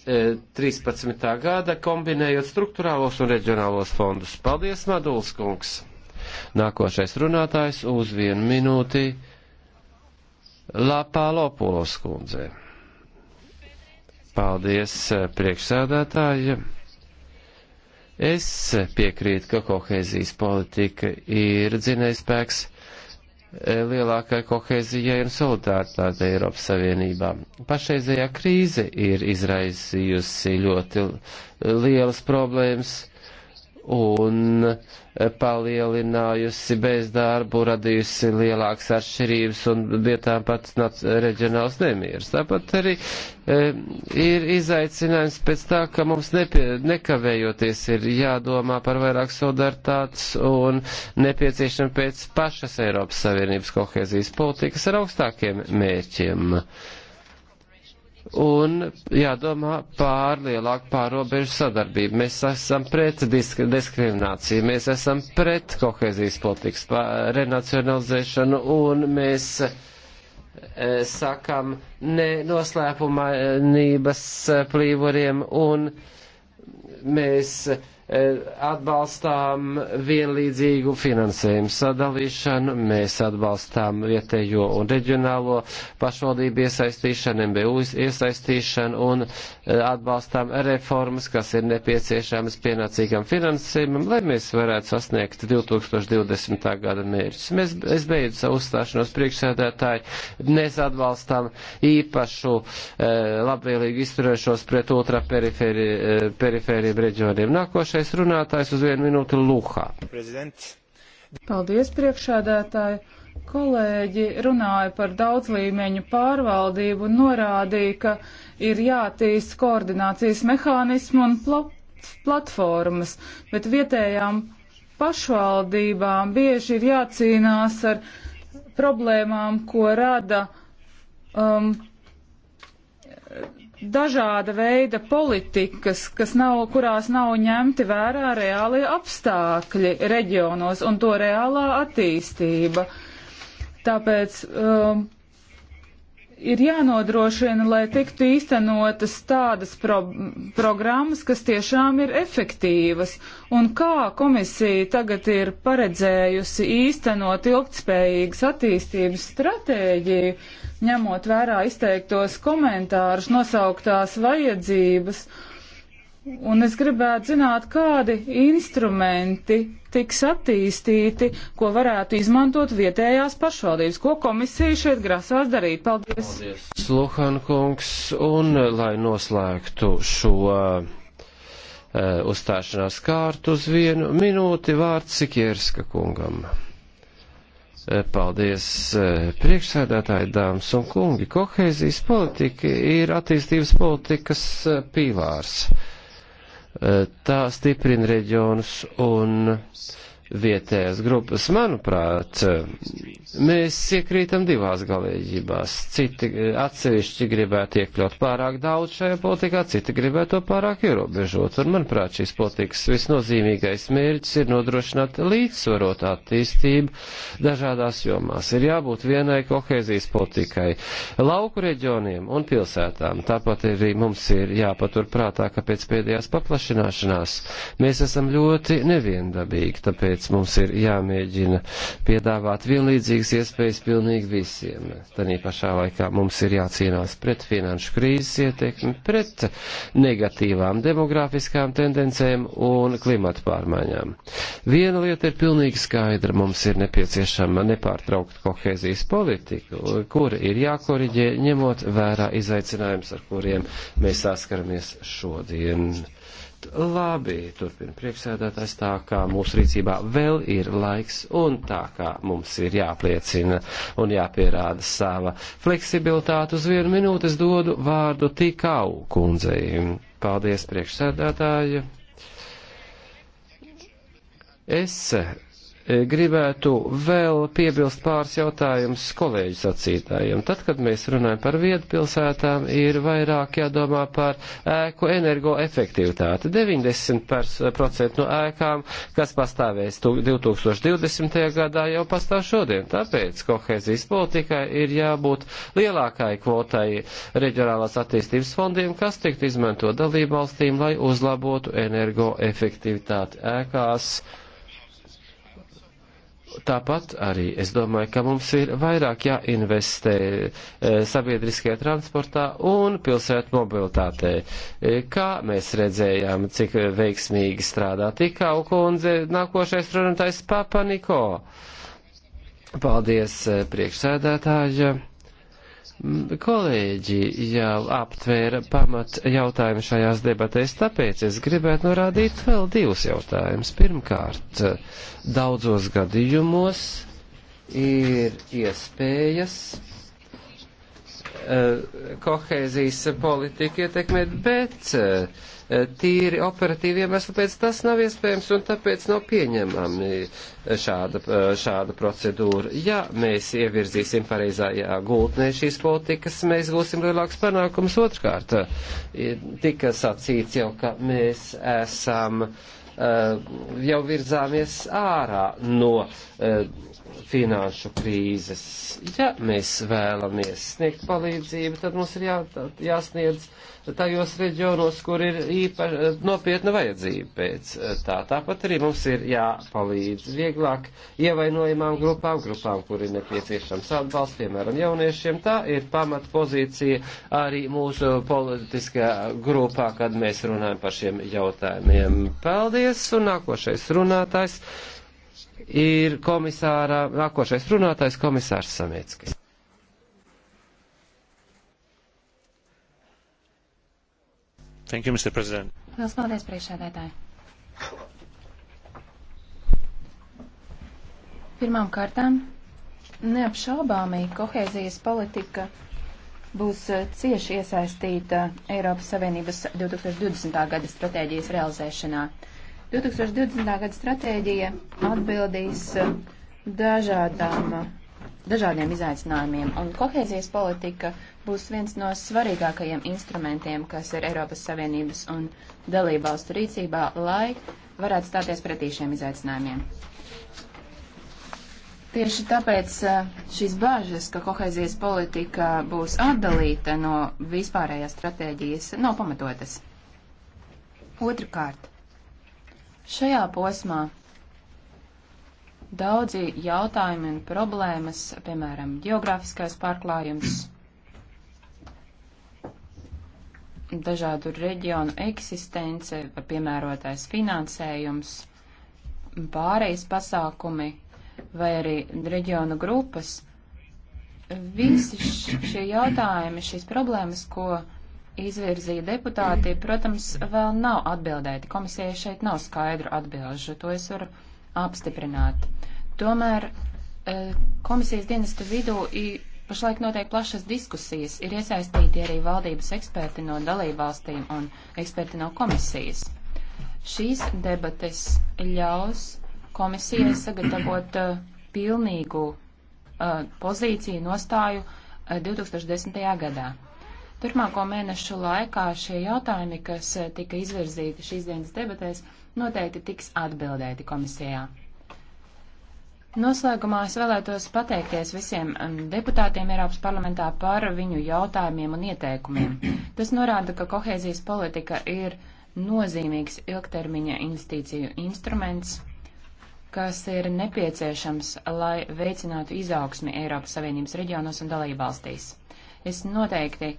eh, gada, kombinējot struktūrālos un reģionālos fondus. Paldies, Maduls kungs! Nākošais runātājs uz vienu minūti Lapā Lopulos kundzei. Paldies, priekšsēdētāji! Es piekrītu, ka kohēzijas politika ir dzinējspēks e, lielākai kohēzijai un solidaritātei Eiropas Savienībā. Pašreizējā krīze ir izraisījusi ļoti lielas problēmas un palielinājusi bezdarbu, radījusi lielākas atšķirības un vietām pat reģionāls nemieris. Tāpat arī e, ir izaicinājums pēc tā, ka mums nepie, nekavējoties ir jādomā par vairāk solidaritātes un nepieciešam pēc pašas Eiropas Savienības kohēzijas politikas ar augstākiem mērķiem. E, un jādomā pār lielāku pārobežu sadarbību. Mēs esam pret disk diskrimināciju, mēs esam pret kohēzijas politikas renacionalizēšanu un mēs e, sakam ne noslēpumainības eh, plīvoriem un mēs e, Eh, atbalstām vienlīdzīgu finansējumu sadalīšanu, mēs atbalstām vietējo un reģionālo pašvaldību iesaistīšanu, MBU iesaistīšanu un eh, atbalstām reformas, kas ir nepieciešamas pienācīgam finansējumam, lai mēs varētu sasniegt 2020. gada mērķus. Mēs, es beidzu savu uzstāšanos priekšsēdētāji, mēs atbalstām īpašu eh, labvēlīgu izturēšos pret ultraperifēriem reģioniem. Nākošais Nākošais runātājs uz vienu minūti Luhā. Paldies, priekšādātāji! Kolēģi runāja par daudzlīmeņu pārvaldību un norādīja, ka ir jātīst koordinācijas mehānismu un pl platformas, bet vietējām pašvaldībām bieži ir jācīnās ar problēmām, ko rada um, dažāda veida politikas, kas nav, kurās nav ņemti vērā reālie apstākļi reģionos un to reālā attīstība. Tāpēc um, ir jānodrošina, lai tiktu īstenotas tādas pro programmas, kas tiešām ir efektīvas. Un kā komisija tagad ir paredzējusi īstenot ilgtspējīgas attīstības stratēģiju, uh, ņemot vērā izteiktos komentārus, nosauktās vajadzības. Un es gribētu zināt, kādi instrumenti tiks attīstīti, ko varētu izmantot vietējās pašvaldības. Ko komisija šeit grasās darīt? Paldies! Paldies. Sluhankungs, un lai noslēgtu šo uh, uzstāšanās kārtu uz vienu minūti vārds Sikierska kungam. Eh, paldies, eh, priekšsēdētāji, dāmas un kungi. Kohēzijas politika ir attīstības politikas eh, pīlārs. Tā stiprina reģionus un uh, vietējās grupas. Manuprāt, mēs iekrītam divās galējībās. Citi atsevišķi gribētu iekļaut pārāk daudz šajā politikā, citi gribētu to pārāk ierobežot. Un, manuprāt, šīs politikas visnozīmīgais mērķis ir nodrošināt līdzsvarot attīstību dažādās jomās. Ir jābūt vienai kohēzijas politikai, lauku reģioniem un pilsētām. Tāpat arī mums ir jāpatur prātā, ka pēc pēdējās paplašināšanās mēs esam ļoti neviendabīgi. Tāpēc tāpēc mums ir jāmēģina piedāvāt vienlīdzīgas iespējas pilnīgi visiem. Tanī pašā laikā mums ir jācīnās pret finanšu krīzes ietekmi, pret negatīvām demografiskām tendencēm un klimatu pārmaiņām. Viena lieta ir pilnīgi skaidra, mums ir nepieciešama nepārtraukta kohēzijas politika, kur ir jākoriģē ņemot vērā izaicinājums, ar kuriem mēs saskaramies šodien labi, turpina priekšsēdētājs, tā kā mūsu rīcībā vēl ir laiks un tā kā mums ir jāpliecina un jāpierāda sava fleksibilitāte uz vienu minūti, es dodu vārdu tikau kundzei. Paldies, priekšsēdētāji. Es gribētu vēl piebilst pāris jautājumus kolēģu sacītājiem. Tad, kad mēs runājam par vietu pilsētām, ir vairāk jādomā par ēku energoefektivitāti. 90% no ēkām, kas pastāvēs 2020. gadā, jau pastāv šodien. Tāpēc kohēzijas politikai ir jābūt lielākai kvotai reģionālās attīstības fondiem, kas tiktu izmanto dalību valstīm, lai uzlabotu energoefektivitāti ēkās. Thank you Tāpat arī es domāju, ka mums ir vairāk jāinvestē e, sabiedriskajā transportā un pilsētu mobilitātē. E, kā mēs redzējām, cik veiksmīgi strādā tikā ukundze nākošais runātais Papa Niko. Paldies, e, priekšsēdētāji. Kolēģi jau aptvēra pamat jautājumu šajās debatēs, tāpēc es gribētu norādīt vēl divus jautājumus. Pirmkārt, daudzos gadījumos ir iespējas eh, kohēzijas politika ietekmēt, bet eh, Eh, tīri operatīviem, es tāpēc tas nav iespējams un tāpēc nav pieņemami eh, šāda, eh, šāda procedūra. Ja mēs ievirzīsim pareizajā gultnē šīs politikas, mēs gūsim lielāks panākums otrkārt. Tika sacīts jau, ka mēs esam. Uh, Eh, jau virzāmies ārā no eh, finanšu krīzes. Ja mēs vēlamies sniegt palīdzību, tad mums ir jā, jāsniedz tajos reģionos, kur ir īpa, eh, nopietna vajadzība pēc tā. Tāpat arī mums ir jāpalīdz vieglāk ievainojumām grupām, grupām, kur ir nepieciešams atbalsts, piemēram, jauniešiem. Tā ir pamatpozīcija arī mūsu politiskajā grupā, kad mēs runājam par šiem jautājumiem. Paldies! Paldies, un nākošais runātājs ir komisārā, nākošais runātājs komisārs Samieckis. Thank you, Mr. President. Lielas paldies, priekšsēdētāji. Pirmām kārtām, neapšaubāmī kohēzijas politika būs eh, cieši iesaistīta Eiropas Savienības 2020. gada stratēģijas realizēšanā. 2020. gada stratēģija atbildīs eh, dažādām, eh, dažādiem izaicinājumiem, un kohēzijas politika būs viens no svarīgākajiem instrumentiem, kas ir Eiropas Savienības un dalībvalstu rīcībā, lai varētu stāties pretī šiem izaicinājumiem. Tieši tāpēc eh, šīs bāžas, ka kohēzijas politika būs atdalīta no vispārējās stratēģijas, nav pamatotas. Otrakārt Šajā posmā daudzi jautājumi un problēmas, piemēram, geogrāfiskais pārklājums, dažādu reģionu eksistence, piemērotais finansējums, pārejas pasākumi vai arī reģionu grupas. Visi šie jautājumi, šīs problēmas, ko izvirzīja deputāti, protams, vēl nav atbildēti. Komisijai šeit nav skaidru atbilžu, to es varu apstiprināt. Tomēr e, komisijas dienesta vidū pašlaik notiek plašas diskusijas, ir iesaistīti arī valdības eksperti no dalībvalstīm un eksperti no komisijas. Šīs debates ļaus komisijai sagatavot e, pilnīgu e, pozīciju nostāju 2010. gadā. Turmāko mēnešu laikā šie jautājumi, kas eh, tika izvirzīti šīs dienas debatēs, noteikti tiks atbildēti komisijā. Noslēgumā es vēlētos pateikties visiem deputātiem Eiropas parlamentā par viņu jautājumiem un ieteikumiem. Tas norāda, ka kohēzijas politika ir nozīmīgs ilgtermiņa investīciju instruments, kas ir nepieciešams, lai veicinātu izaugsmi Eiropas Savienības reģionos un dalībvalstīs. Es noteikti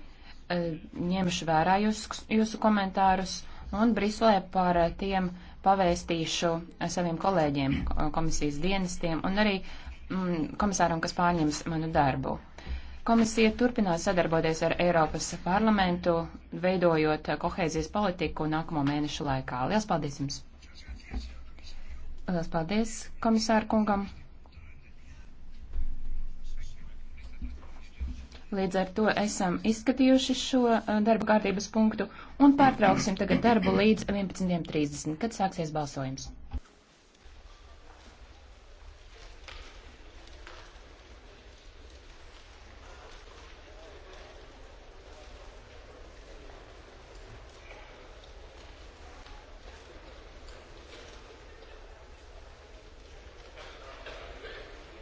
Eh, ņemšu vērā jūsu, jūsu komentārus un Briselē par eh, tiem pavēstīšu eh, saviem kolēģiem, komisijas dienestiem un arī mm, komisāram, kas pārņems manu darbu. Komisija turpinās sadarboties ar Eiropas parlamentu, veidojot kohēzijas politiku nākamo mēnešu laikā. Lielas paldies jums! Lielas paldies komisāru kungam! Līdz ar to esam izskatījuši šo uh, darba kārtības punktu un pārtrauksim tagad darbu līdz 11.30, kad sāksies balsojums.